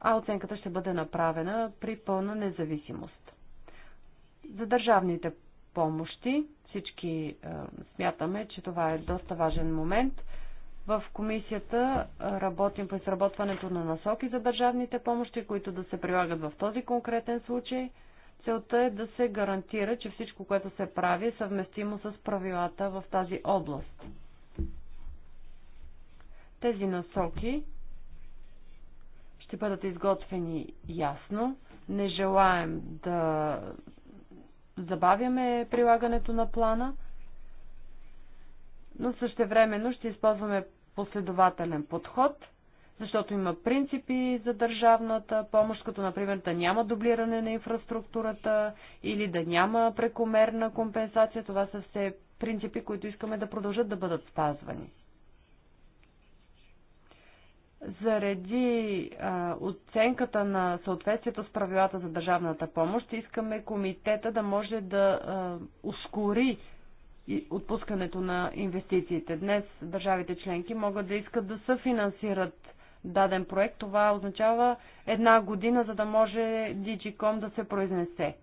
а оценката ще бъде направена при пълна независимост. За държавните помощи всички а, смятаме, че това е доста важен момент – в комисията работим по изработването на насоки за държавните помощи, които да се прилагат в този конкретен случай. Целта е да се гарантира, че всичко, което се прави, е съвместимо с правилата в тази област. Тези насоки ще бъдат изготвени ясно. Не желаем да забавяме прилагането на плана но същевременно ще използваме последователен подход, защото има принципи за държавната помощ, като например да няма дублиране на инфраструктурата или да няма прекомерна компенсация. Това са все принципи, които искаме да продължат да бъдат спазвани. Заради а, оценката на съответствието с правилата за държавната помощ, искаме комитета да може да а, ускори отпускането на инвестициите. Днес държавите членки могат да искат да съфинансират даден проект. Това означава една година, за да може DigiCom да се произнесе.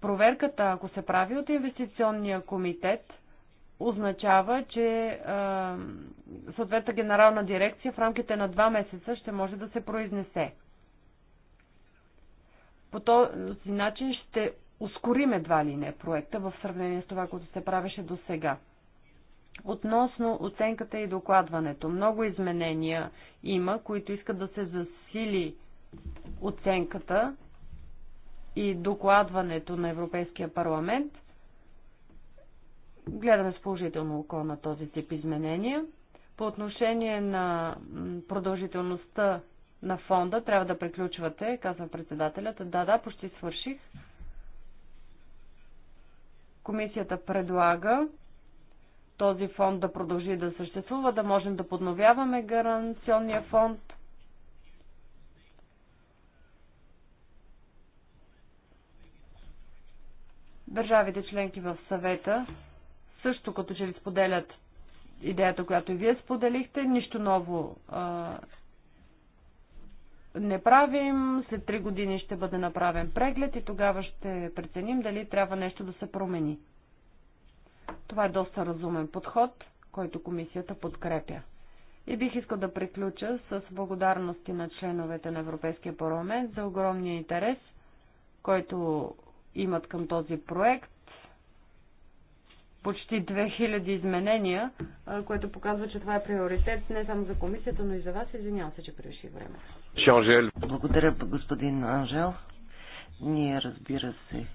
Проверката, ако се прави от инвестиционния комитет, означава, че а, съответната генерална дирекция в рамките на два месеца ще може да се произнесе. По този начин ще ускорим едва ли не проекта в сравнение с това, което се правеше до сега. Относно оценката и докладването, много изменения има, които искат да се засили оценката и докладването на Европейския парламент. Гледаме с положително око на този тип изменения. По отношение на продължителността на фонда, трябва да приключвате, казва председателят. Да, да, почти свърших. Комисията предлага този фонд да продължи да съществува, да можем да подновяваме гаранционния фонд. Държавите членки в съвета също като че ли споделят идеята, която и вие споделихте. Нищо ново а, не правим, след 3 години ще бъде направен преглед и тогава ще преценим дали трябва нещо да се промени. Това е доста разумен подход, който комисията подкрепя. И бих искал да приключа с благодарности на членовете на Европейския парламент за огромния интерес, който имат към този проект. Почти 2000 изменения, което показва, че това е приоритет не само за комисията, но и за вас. Извинявам се, че превиши времето. Благодаря, господин Анжел. Ние, разбира се,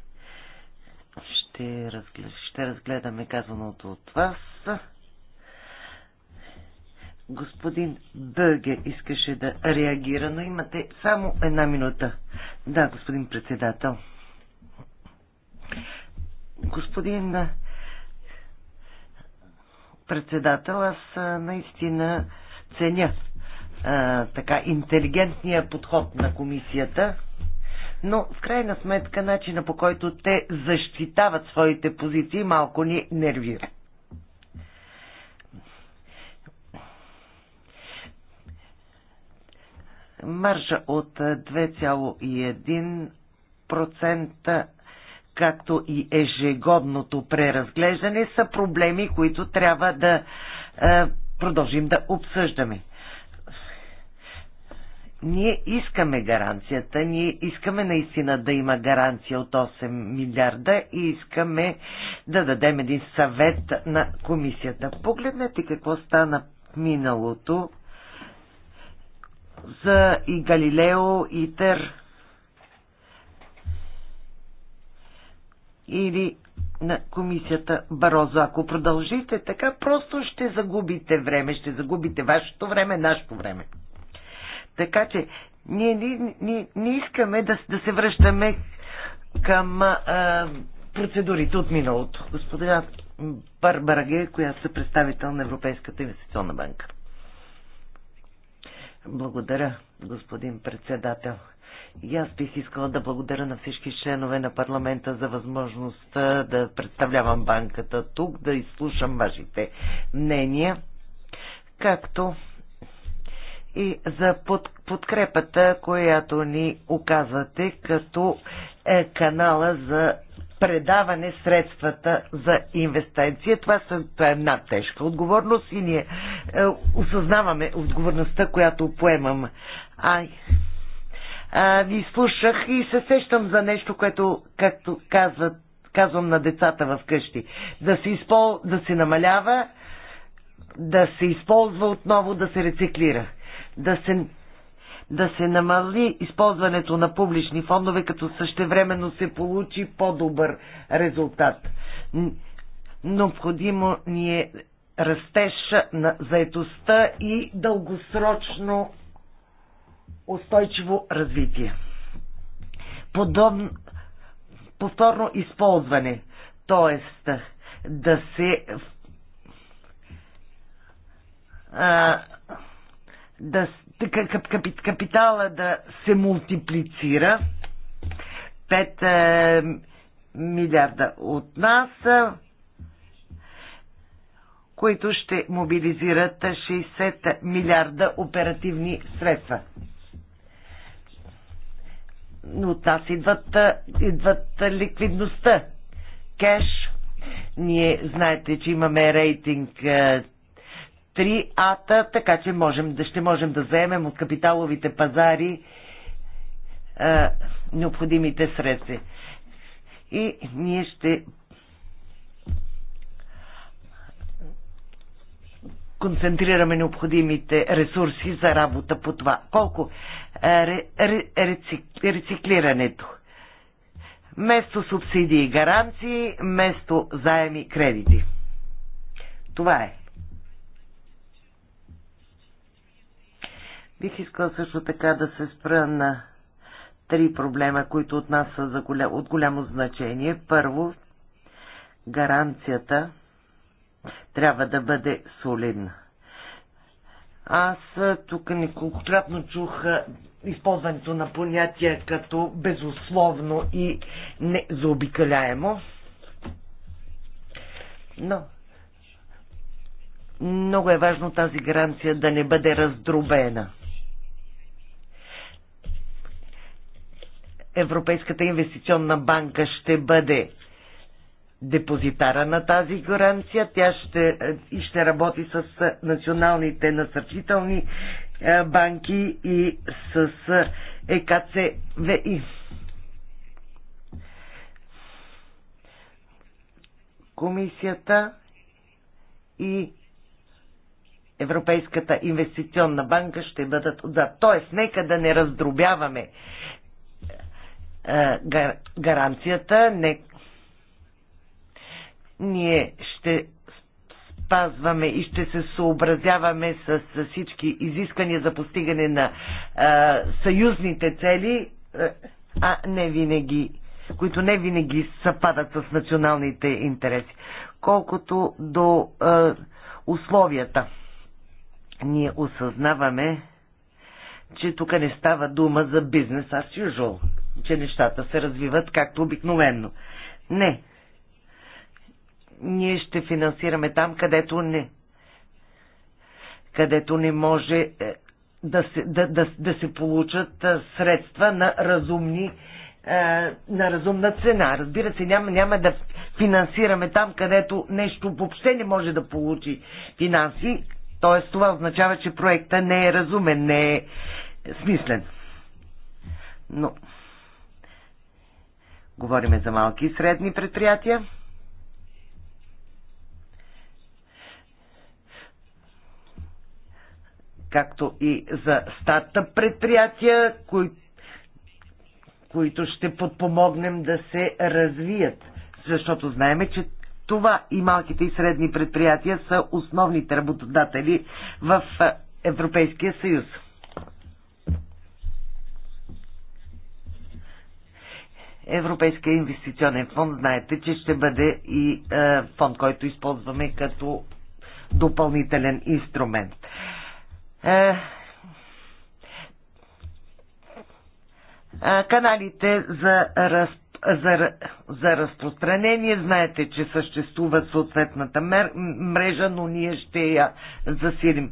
ще, разглед... ще разгледаме казаното от вас. Господин Бърге искаше да реагира, но имате само една минута. Да, господин председател. Господин председател, аз наистина ценя а, така интелигентния подход на комисията, но в крайна сметка начина по който те защитават своите позиции малко ни нервира. Маржа от 2,1% както и ежегодното преразглеждане са проблеми, които трябва да е, продължим да обсъждаме. Ние искаме гаранцията, ние искаме наистина да има гаранция от 8 милиарда и искаме да дадем един съвет на комисията. Погледнете какво стана в миналото за и Галилео, и Тер. Или на комисията Барозо. Ако продължите така, просто ще загубите време, ще загубите вашето време, нашето време. Така че ние не искаме да, да се връщаме към а, процедурите от миналото. Господина Барбара Ге, която е представител на Европейската инвестиционна банка. Благодаря, господин председател. И аз бих искала да благодаря на всички членове на парламента за възможността да представлявам банката тук, да изслушам вашите мнения, както и за под, подкрепата, която ни оказвате като е, канала за предаване средствата за инвестиция. Това, са, това е една тежка отговорност и ние е, осъзнаваме отговорността, която поемам. Ай, а, ви слушах и се сещам за нещо, което, както казват, казвам на децата в къщи, да се, изпол... да се намалява, да се използва отново, да се рециклира да се, да се намали използването на публични фондове, като същевременно се получи по-добър резултат. Необходимо ни е растеж на заетостта и дългосрочно устойчиво развитие. Подобно повторно използване, т.е. да се а, да, капитала да се мултиплицира. 5 е, милиарда от нас, е, които ще мобилизират 60 милиарда оперативни средства. От нас идват, е, идват ликвидността, кеш. Ние знаете, че имаме рейтинг три ата, така че можем, ще можем да заемем от капиталовите пазари а, е, необходимите средства. И ние ще концентрираме необходимите ресурси за работа по това. Колко? Е, ре, ре, рецик, рециклирането. Место субсидии и гаранции, место заеми и кредити. Това е. Бих искал също така да се спра на три проблема, които от нас са за голям, от голямо значение. Първо, гаранцията трябва да бъде солидна. Аз тук неколкократно чух използването на понятия като безусловно и незаобикаляемо. Но много е важно тази гаранция да не бъде раздробена. Европейската инвестиционна банка ще бъде депозитара на тази гаранция. Тя ще, е, и ще работи с е, националните насърчителни е, банки и с ЕКЦВИ. Комисията и Европейската инвестиционна банка ще бъдат отзад. Тоест, нека да не раздробяваме е, гаранцията. Не, ние ще спазваме и ще се съобразяваме с, с всички изисквания за постигане на а, е, съюзните цели, е, а не винаги, които не винаги съпадат с националните интереси. Колкото до а, условията, ние осъзнаваме, че тук не става дума за бизнес as usual че нещата се развиват както обикновенно. Не. Ние ще финансираме там, където не. Където не може е, да се, да, да, да се получат е, средства на разумни е, на разумна цена. Разбира се, няма, няма да финансираме там, където нещо въобще не може да получи финанси. Т.е. това означава, че проекта не е разумен, не е смислен. Но... Говориме за малки и средни предприятия. както и за стартъп предприятия, кои, които ще подпомогнем да се развият. Защото знаеме, че това и малките и средни предприятия са основните работодатели в Европейския съюз. Европейския инвестиционен фонд, знаете, че ще бъде и е, фонд, който използваме като допълнителен инструмент. Е, е каналите за, раз, за, за разпространение. Знаете, че съществува съответната мер, мрежа, но ние ще я засилим.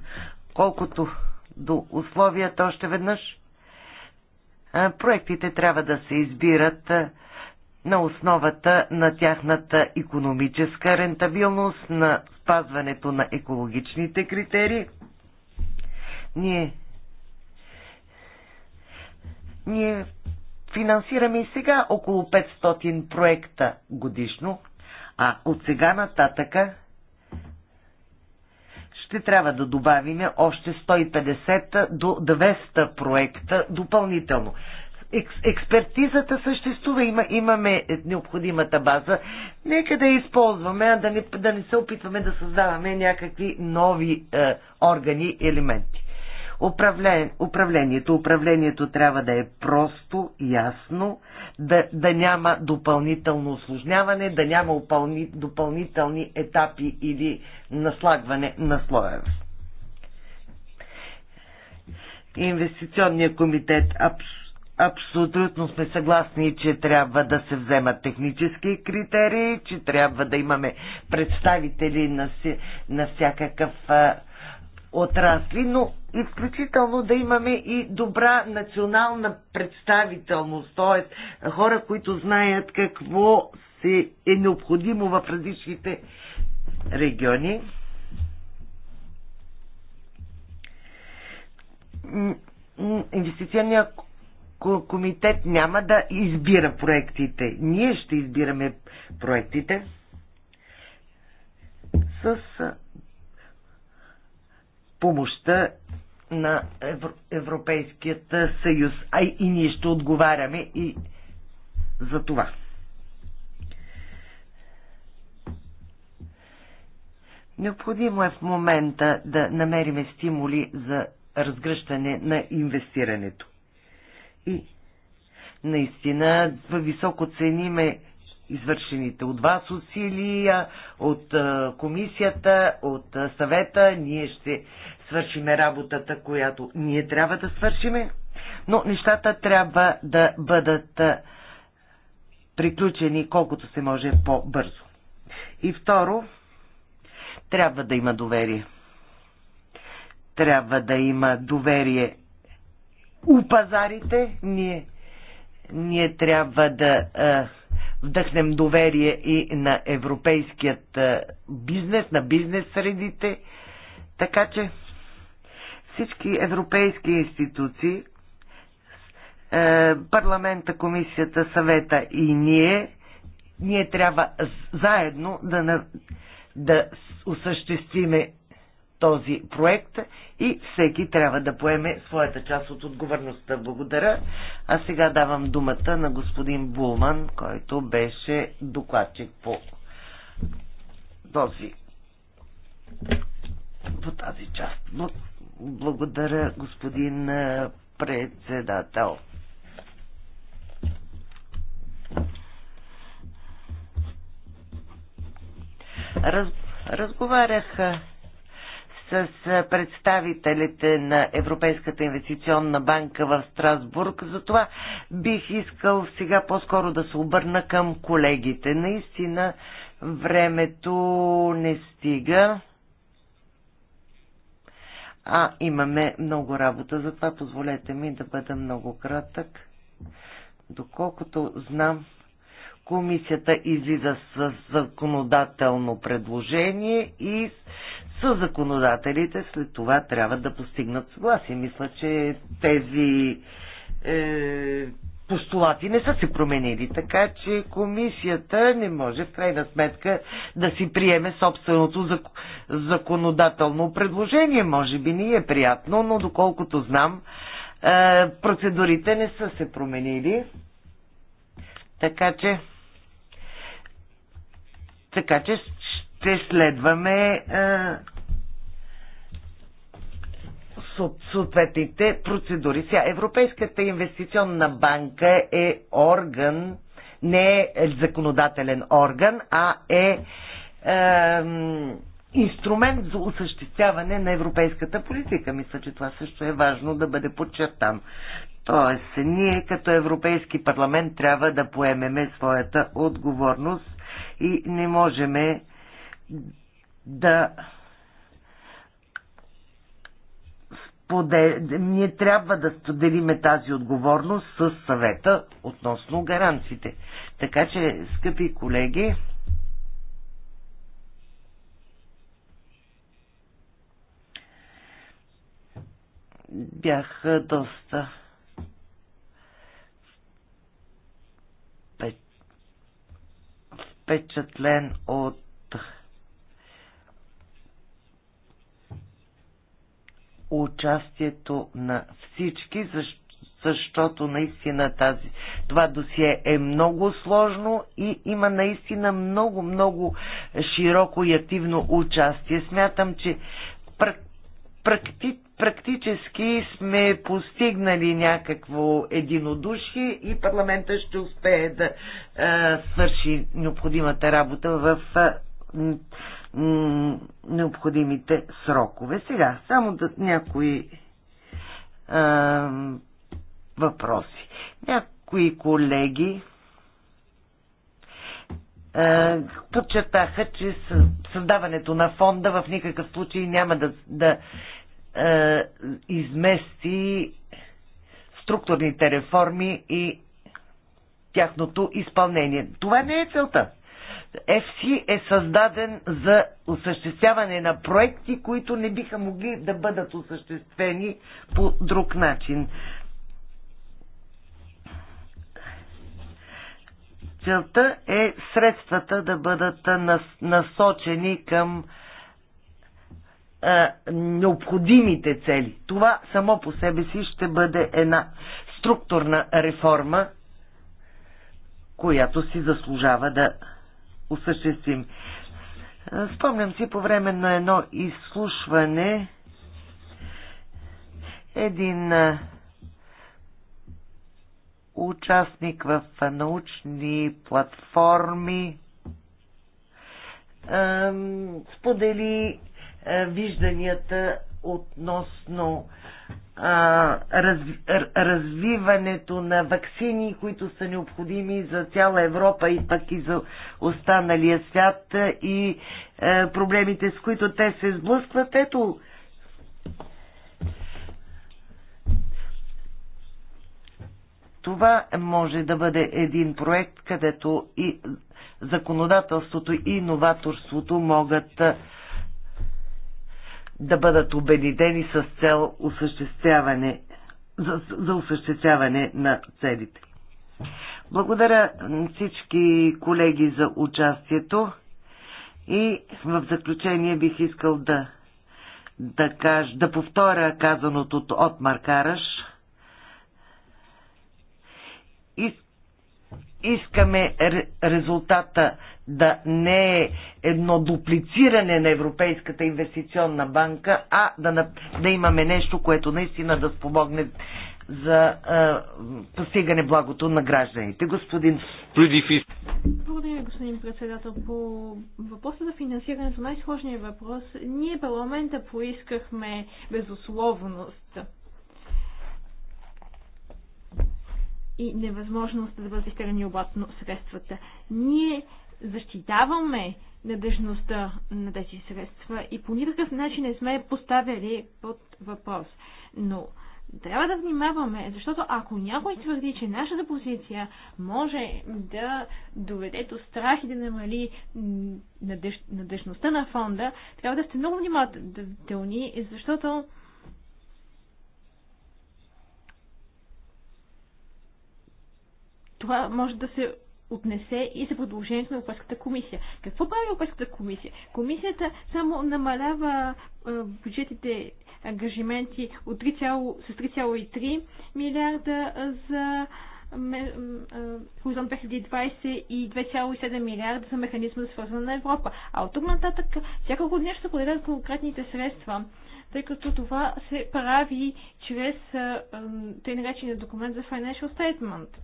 Колкото до условията, още веднъж проектите трябва да се избират на основата на тяхната економическа рентабилност, на спазването на екологичните критерии. Ние, ние финансираме и сега около 500 проекта годишно, а от сега нататъка ще трябва да добавим още 150 до 200 проекта допълнително. Експертизата съществува, има, имаме необходимата база. Нека да я използваме, а да не, да не се опитваме да създаваме някакви нови е, органи, елементи. Управление, управлението. Управлението трябва да е просто, ясно, да, да няма допълнително осложняване, да няма упълни, допълнителни етапи или наслагване на слоеве. Инвестиционният комитет абсолютно Абсолютно сме съгласни, че трябва да се вземат технически критерии, че трябва да имаме представители на, си, на всякакъв а, отрасли, но изключително да имаме и добра национална представителност, т.е. хора, които знаят какво се е необходимо в различните региони. Инвестиционният комитет няма да избира проектите. Ние ще избираме проектите с помощта на Европейският съюз. А и ние ще отговаряме и за това. Необходимо е в момента да намериме стимули за разгръщане на инвестирането. И наистина високо цениме извършените от вас усилия, от комисията, от съвета. Ние ще свършиме работата, която ние трябва да свършиме, но нещата трябва да бъдат приключени колкото се може по-бързо. И второ, трябва да има доверие. Трябва да има доверие у пазарите. Ние, ние трябва да а, вдъхнем доверие и на европейският е, бизнес, на бизнес средите. Така че всички европейски институции, е, парламента, комисията, съвета и ние, ние трябва заедно да, да осъществиме този проект и всеки трябва да поеме своята част от отговорността. Благодаря. А сега давам думата на господин Булман, който беше докладчик по този по тази част. Благодаря, господин председател. Раз, разговаряха с представителите на Европейската инвестиционна банка в Страсбург. Затова бих искал сега по-скоро да се обърна към колегите. Наистина времето не стига. А имаме много работа, затова позволете ми да бъда много кратък. Доколкото знам, комисията излиза с законодателно предложение и с законодателите след това трябва да постигнат съгласие. Мисля, че тези е, постулати не са се променили, така че комисията не може в крайна сметка да си приеме собственото законодателно предложение. Може би ни е приятно, но доколкото знам, е, процедурите не са се променили. Така че така че ще следваме а, съответните процедури. Сега, Европейската инвестиционна банка е орган, не е законодателен орган, а е, а, инструмент за осъществяване на европейската политика. Мисля, че това също е важно да бъде подчертано. Тоест, ние като Европейски парламент трябва да поемеме своята отговорност и не можем да сподел... ние трябва да споделиме тази отговорност с съвета относно гаранциите. Така че, скъпи колеги, бях доста впечатлен от участието на всички, защото наистина тази, това досие е много сложно и има наистина много, много широко и активно участие. Смятам, че практически практи, практически сме постигнали някакво единодушие и парламента ще успее да а, свърши необходимата работа в а, м, необходимите срокове. Сега, само да някои а, въпроси. Някои колеги подчертаха, че създаването на фонда в никакъв случай няма да, да е, измести структурните реформи и тяхното изпълнение. Това не е целта. FC е създаден за осъществяване на проекти, които не биха могли да бъдат осъществени по друг начин. Целта е средствата да бъдат насочени към а, е, необходимите цели. Това само по себе си ще бъде една структурна реформа, която си заслужава да осъществим. Е, спомням си по време на едно изслушване един е, участник в научни платформи сподели вижданията относно а, раз, развиването на вакцини, които са необходими за цяла Европа и пък и за останалия свят и а, проблемите, с които те се сблъскват. Ето, това може да бъде един проект, където и законодателството и новаторството могат да бъдат обединени с цел осъществяване, за, за осъществяване на целите. Благодаря всички колеги за участието и в заключение бих искал да, да, каж, да повторя казаното от Маркараш – искаме резултата да не е едно дуплициране на Европейската инвестиционна банка, а да, да имаме нещо, което наистина да спомогне за а, е, постигане благото на гражданите. Господин Плюдифис. Благодаря, господин председател. По въпроса за финансирането, най-сложният въпрос, ние парламента поискахме безусловност и невъзможност да бъдат изтеглени обратно средствата. Ние защитаваме надежността на тези средства и по никакъв начин не сме поставяли под въпрос. Но трябва да внимаваме, защото ако някой твърди, че нашата позиция може да доведе до страх и да намали надежността на фонда, трябва да сте много внимателни, защото това може да се отнесе и за предложението на Европейската комисия. Какво прави Европейската комисия? Комисията само намалява бюджетите ангажименти от 3, с 3,3 милиарда за Хоризонт 2020 и 2,7 милиарда за механизма за свързване на Европа. А от тук нататък всяка година ще поделят конкретните средства, тъй като това се прави чрез тъй наречения документ за Financial Statement –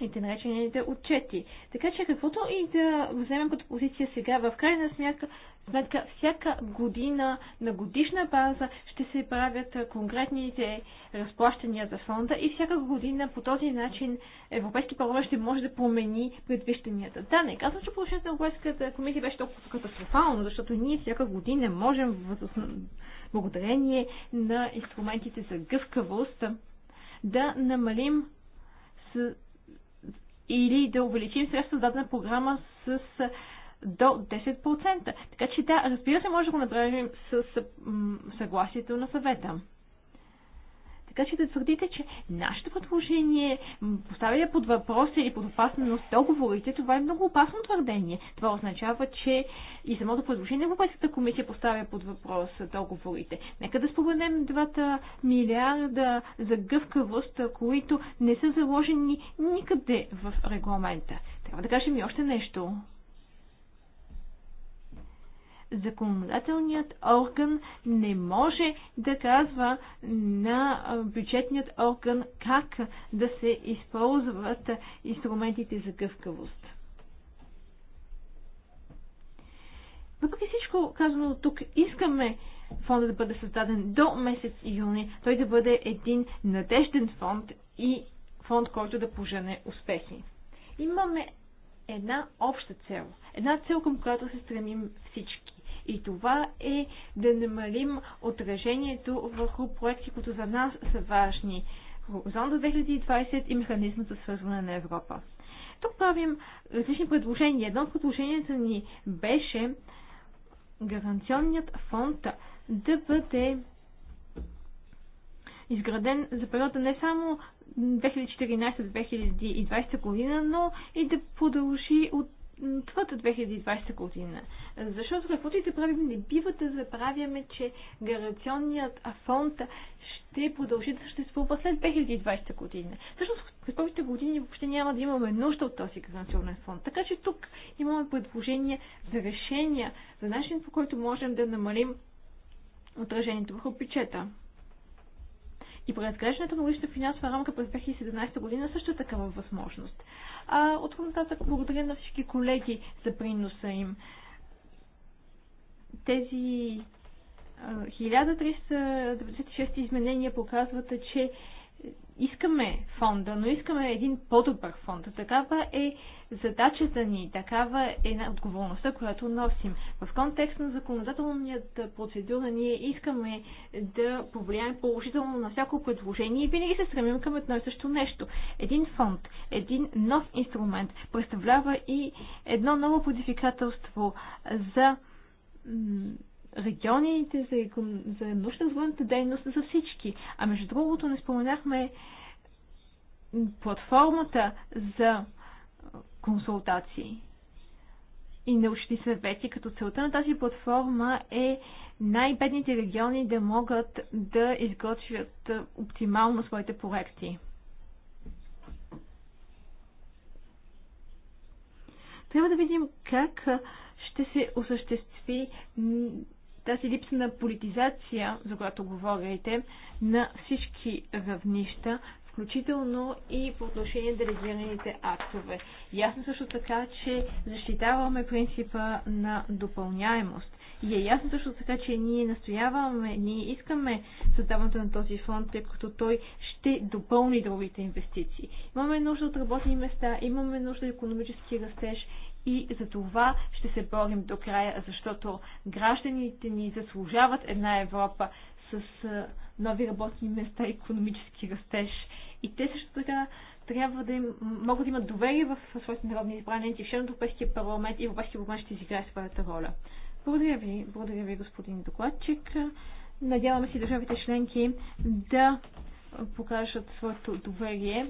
и те наречените отчети. Така че каквото и да вземем като позиция сега, в крайна сметка, сметка всяка година на годишна база ще се правят конкретните разплащания за фонда и всяка година по този начин Европейски парламент ще може да промени предвижданията. Да, не казвам, че положението на Европейската комисия беше толкова катастрофално, защото ние всяка година можем благодарение на инструментите за гъвкавост да намалим с или да увеличим средства за дадена програма с до 10%. Така че да, разбира се, може да го направим с съгласието на съвета. Така че да твърдите, че нашето предложение поставя под въпрос или под опасност договорите, това е много опасно твърдение. Това означава, че и самото предложение на Европейската комисия поставя под въпрос договорите. Нека да споменем двата милиарда за гъвкавост, които не са заложени никъде в регламента. Трябва да кажем и още нещо законодателният орган не може да казва на бюджетният орган как да се използват инструментите за гъвкавост. Въпреки всичко казано тук, искаме фонда да бъде създаден до месец юни, той да бъде един надежден фонд и фонд, който да пожене успехи. Имаме една обща цел, една цел, към която се стремим всички. И това е да намалим отражението върху проекти, които за нас са важни. Хоризонт 2020 и механизмът за свързване на Европа. Тук правим различни предложения. Едно от предложенията ни беше гаранционният фонд да бъде изграден за периода не само 2014-2020 година, но и да продължи от твърда 2020 година. Защото каквото и правим, не бива да забравяме, че гаранционният фонд ще продължи да съществува след 2020 година. Всъщност, през първите години въобще няма да имаме нужда от този гаранционен фонд. Така че тук имаме предложения за решения, за начин по който можем да намалим отражението върху бюджета. И преразглеждането на личната финансова рамка през 2017 година също е такава възможност. А от нататък благодаря на всички колеги за приноса им. Тези 1396 изменения показват, че искаме фонда, но искаме един по-добър фонд. Такава е задачата ни, такава е отговорността, която носим. В контекст на законодателният процедура ние искаме да повлияем положително на всяко предложение и винаги се стремим към едно и също нещо. Един фонд, един нов инструмент представлява и едно ново подификателство за регионите, за, за научно-развойната дейност за всички. А между другото не споменахме платформата за консултации и научни съвети, като целта на тази платформа е най-бедните региони да могат да изготвят оптимално своите проекти. Трябва да видим как ще се осъществи тази липса на политизация, за която говорите, на всички равнища, включително и по отношение на делегираните актове. Ясно също така, че защитаваме принципа на допълняемост. И е ясно също така, че ние настояваме, ние искаме създаването на този фонд, тъй като той ще допълни другите инвестиции. Имаме нужда от работни места, имаме нужда от економически растеж, и за това ще се борим до края, защото гражданите ни заслужават една Европа с нови работни места, економически растеж. И те също така трябва да им, могат да имат доверие в своите народни избраници, в Европейския парламент и Европейския парламент ще изиграе своята роля. Благодаря ви, благодаря ви, господин докладчик. Надяваме се държавите членки да покажат своето доверие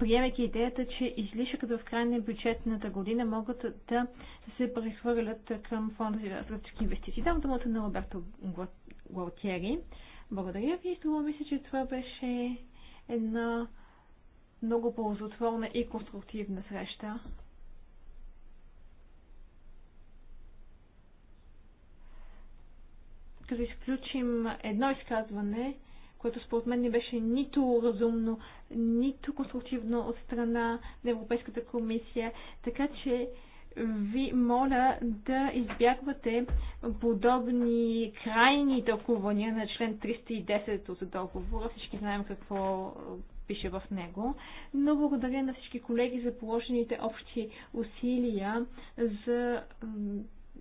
приемайки идеята, че излишъкът в край на бюджетната година могат да се прехвърлят към фонда за различни инвестиции. Дам думата на Роберто Гуалтиери. Благодаря ви. Струва мисля, че това беше една много ползотворна и конструктивна среща. Като изключим едно изказване, което според мен не беше нито разумно, нито конструктивно от страна на Европейската комисия. Така че ви моля да избягвате подобни крайни тълкувания на член 310 от договора. Всички знаем какво пише в него. Но благодаря на всички колеги за положените общи усилия за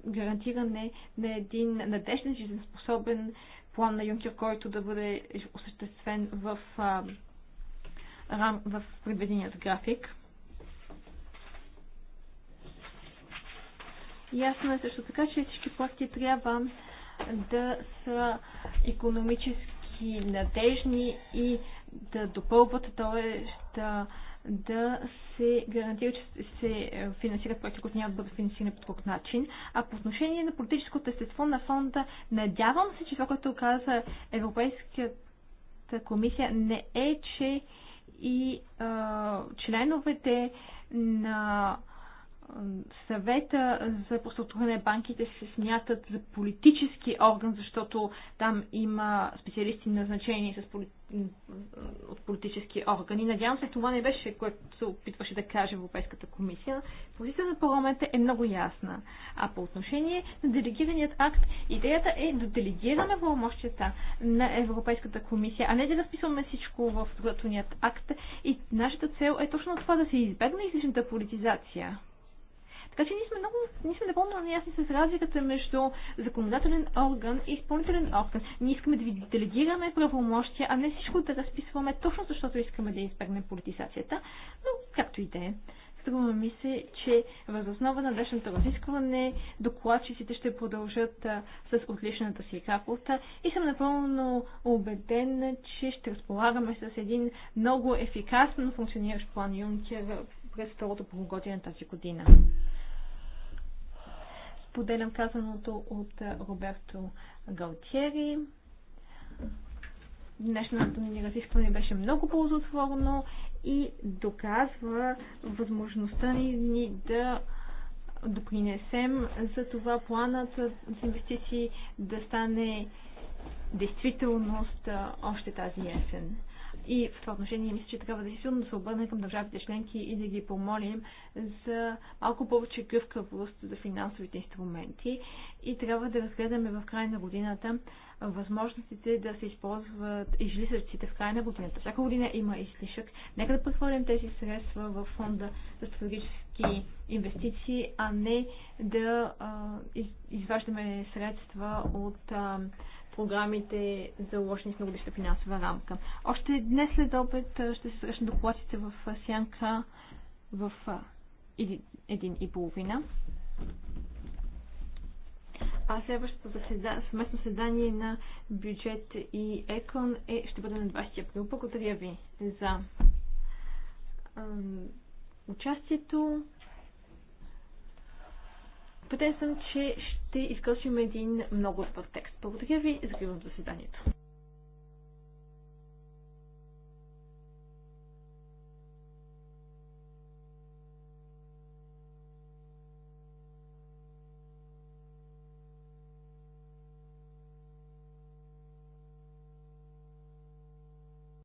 гарантиране на един надежден, жизнеспособен план на Юнкер, който да бъде осъществен в, а, рам, в предвиденият график. Ясно е също така, че всички проекти трябва да са економически надежни и да допълват, т.е. да да се гарантира, че се финансират проекти, които няма да бъдат финансирани по друг начин. А по отношение на политическото естество на фонда, надявам се, че това, което каза Европейската комисия, не е, че и а, членовете на съвета за преструктуриране на банките се смятат за политически орган, защото там има специалисти назначени с поли... от политически органи. Надявам се, това не беше, което се опитваше да каже Европейската комисия. Позицията на парламента е много ясна. А по отношение на делегираният акт, идеята е да делегираме правомощията на Европейската комисия, а не да разписваме всичко в законният акт. И нашата цел е точно това да се избегне излишната политизация. Така че ние сме много, ние сме напълно наясни с разликата между законодателен орган и изпълнителен орган. Ние искаме да ви делегираме правомощия, а не всичко да разписваме точно защото искаме да избегнем политизацията, но както и да е. Струва ми се, че основа на днешното разискване докладчиците ще продължат а, с отличната си работа и съм напълно убеден, че ще разполагаме с един много ефикасно функциониращ план Юнкер през второто полугодие на тази година. Споделям казаното от Роберто Галтиери. Днешното ни разискване беше много ползотворно и доказва възможността ни, ни да допринесем за това планът за инвестиции да стане действителност още тази есен. И в това отношение мисля, че трябва да силно да се обърнем към държавите членки и да ги помолим за малко повече гъвкавост за финансовите инструменти и трябва да разгледаме в края на годината възможностите да се използват излишъците в край на годината. Всяка година има излишък. Нека да прехвърлим тези средства в фонда за стратегически инвестиции, а не да а, изваждаме средства от а, програмите заложени с многодишна финансова рамка. Още днес след обед ще се срещна доплатите в сянка в един и половина. А следващото съвместно заседание на бюджет и ЕКОН е, ще бъде на 20 април. Благодаря ви за участието. Убеден съм, че ще изкъсим един много добър текст. Благодаря ви, закривам заседанието.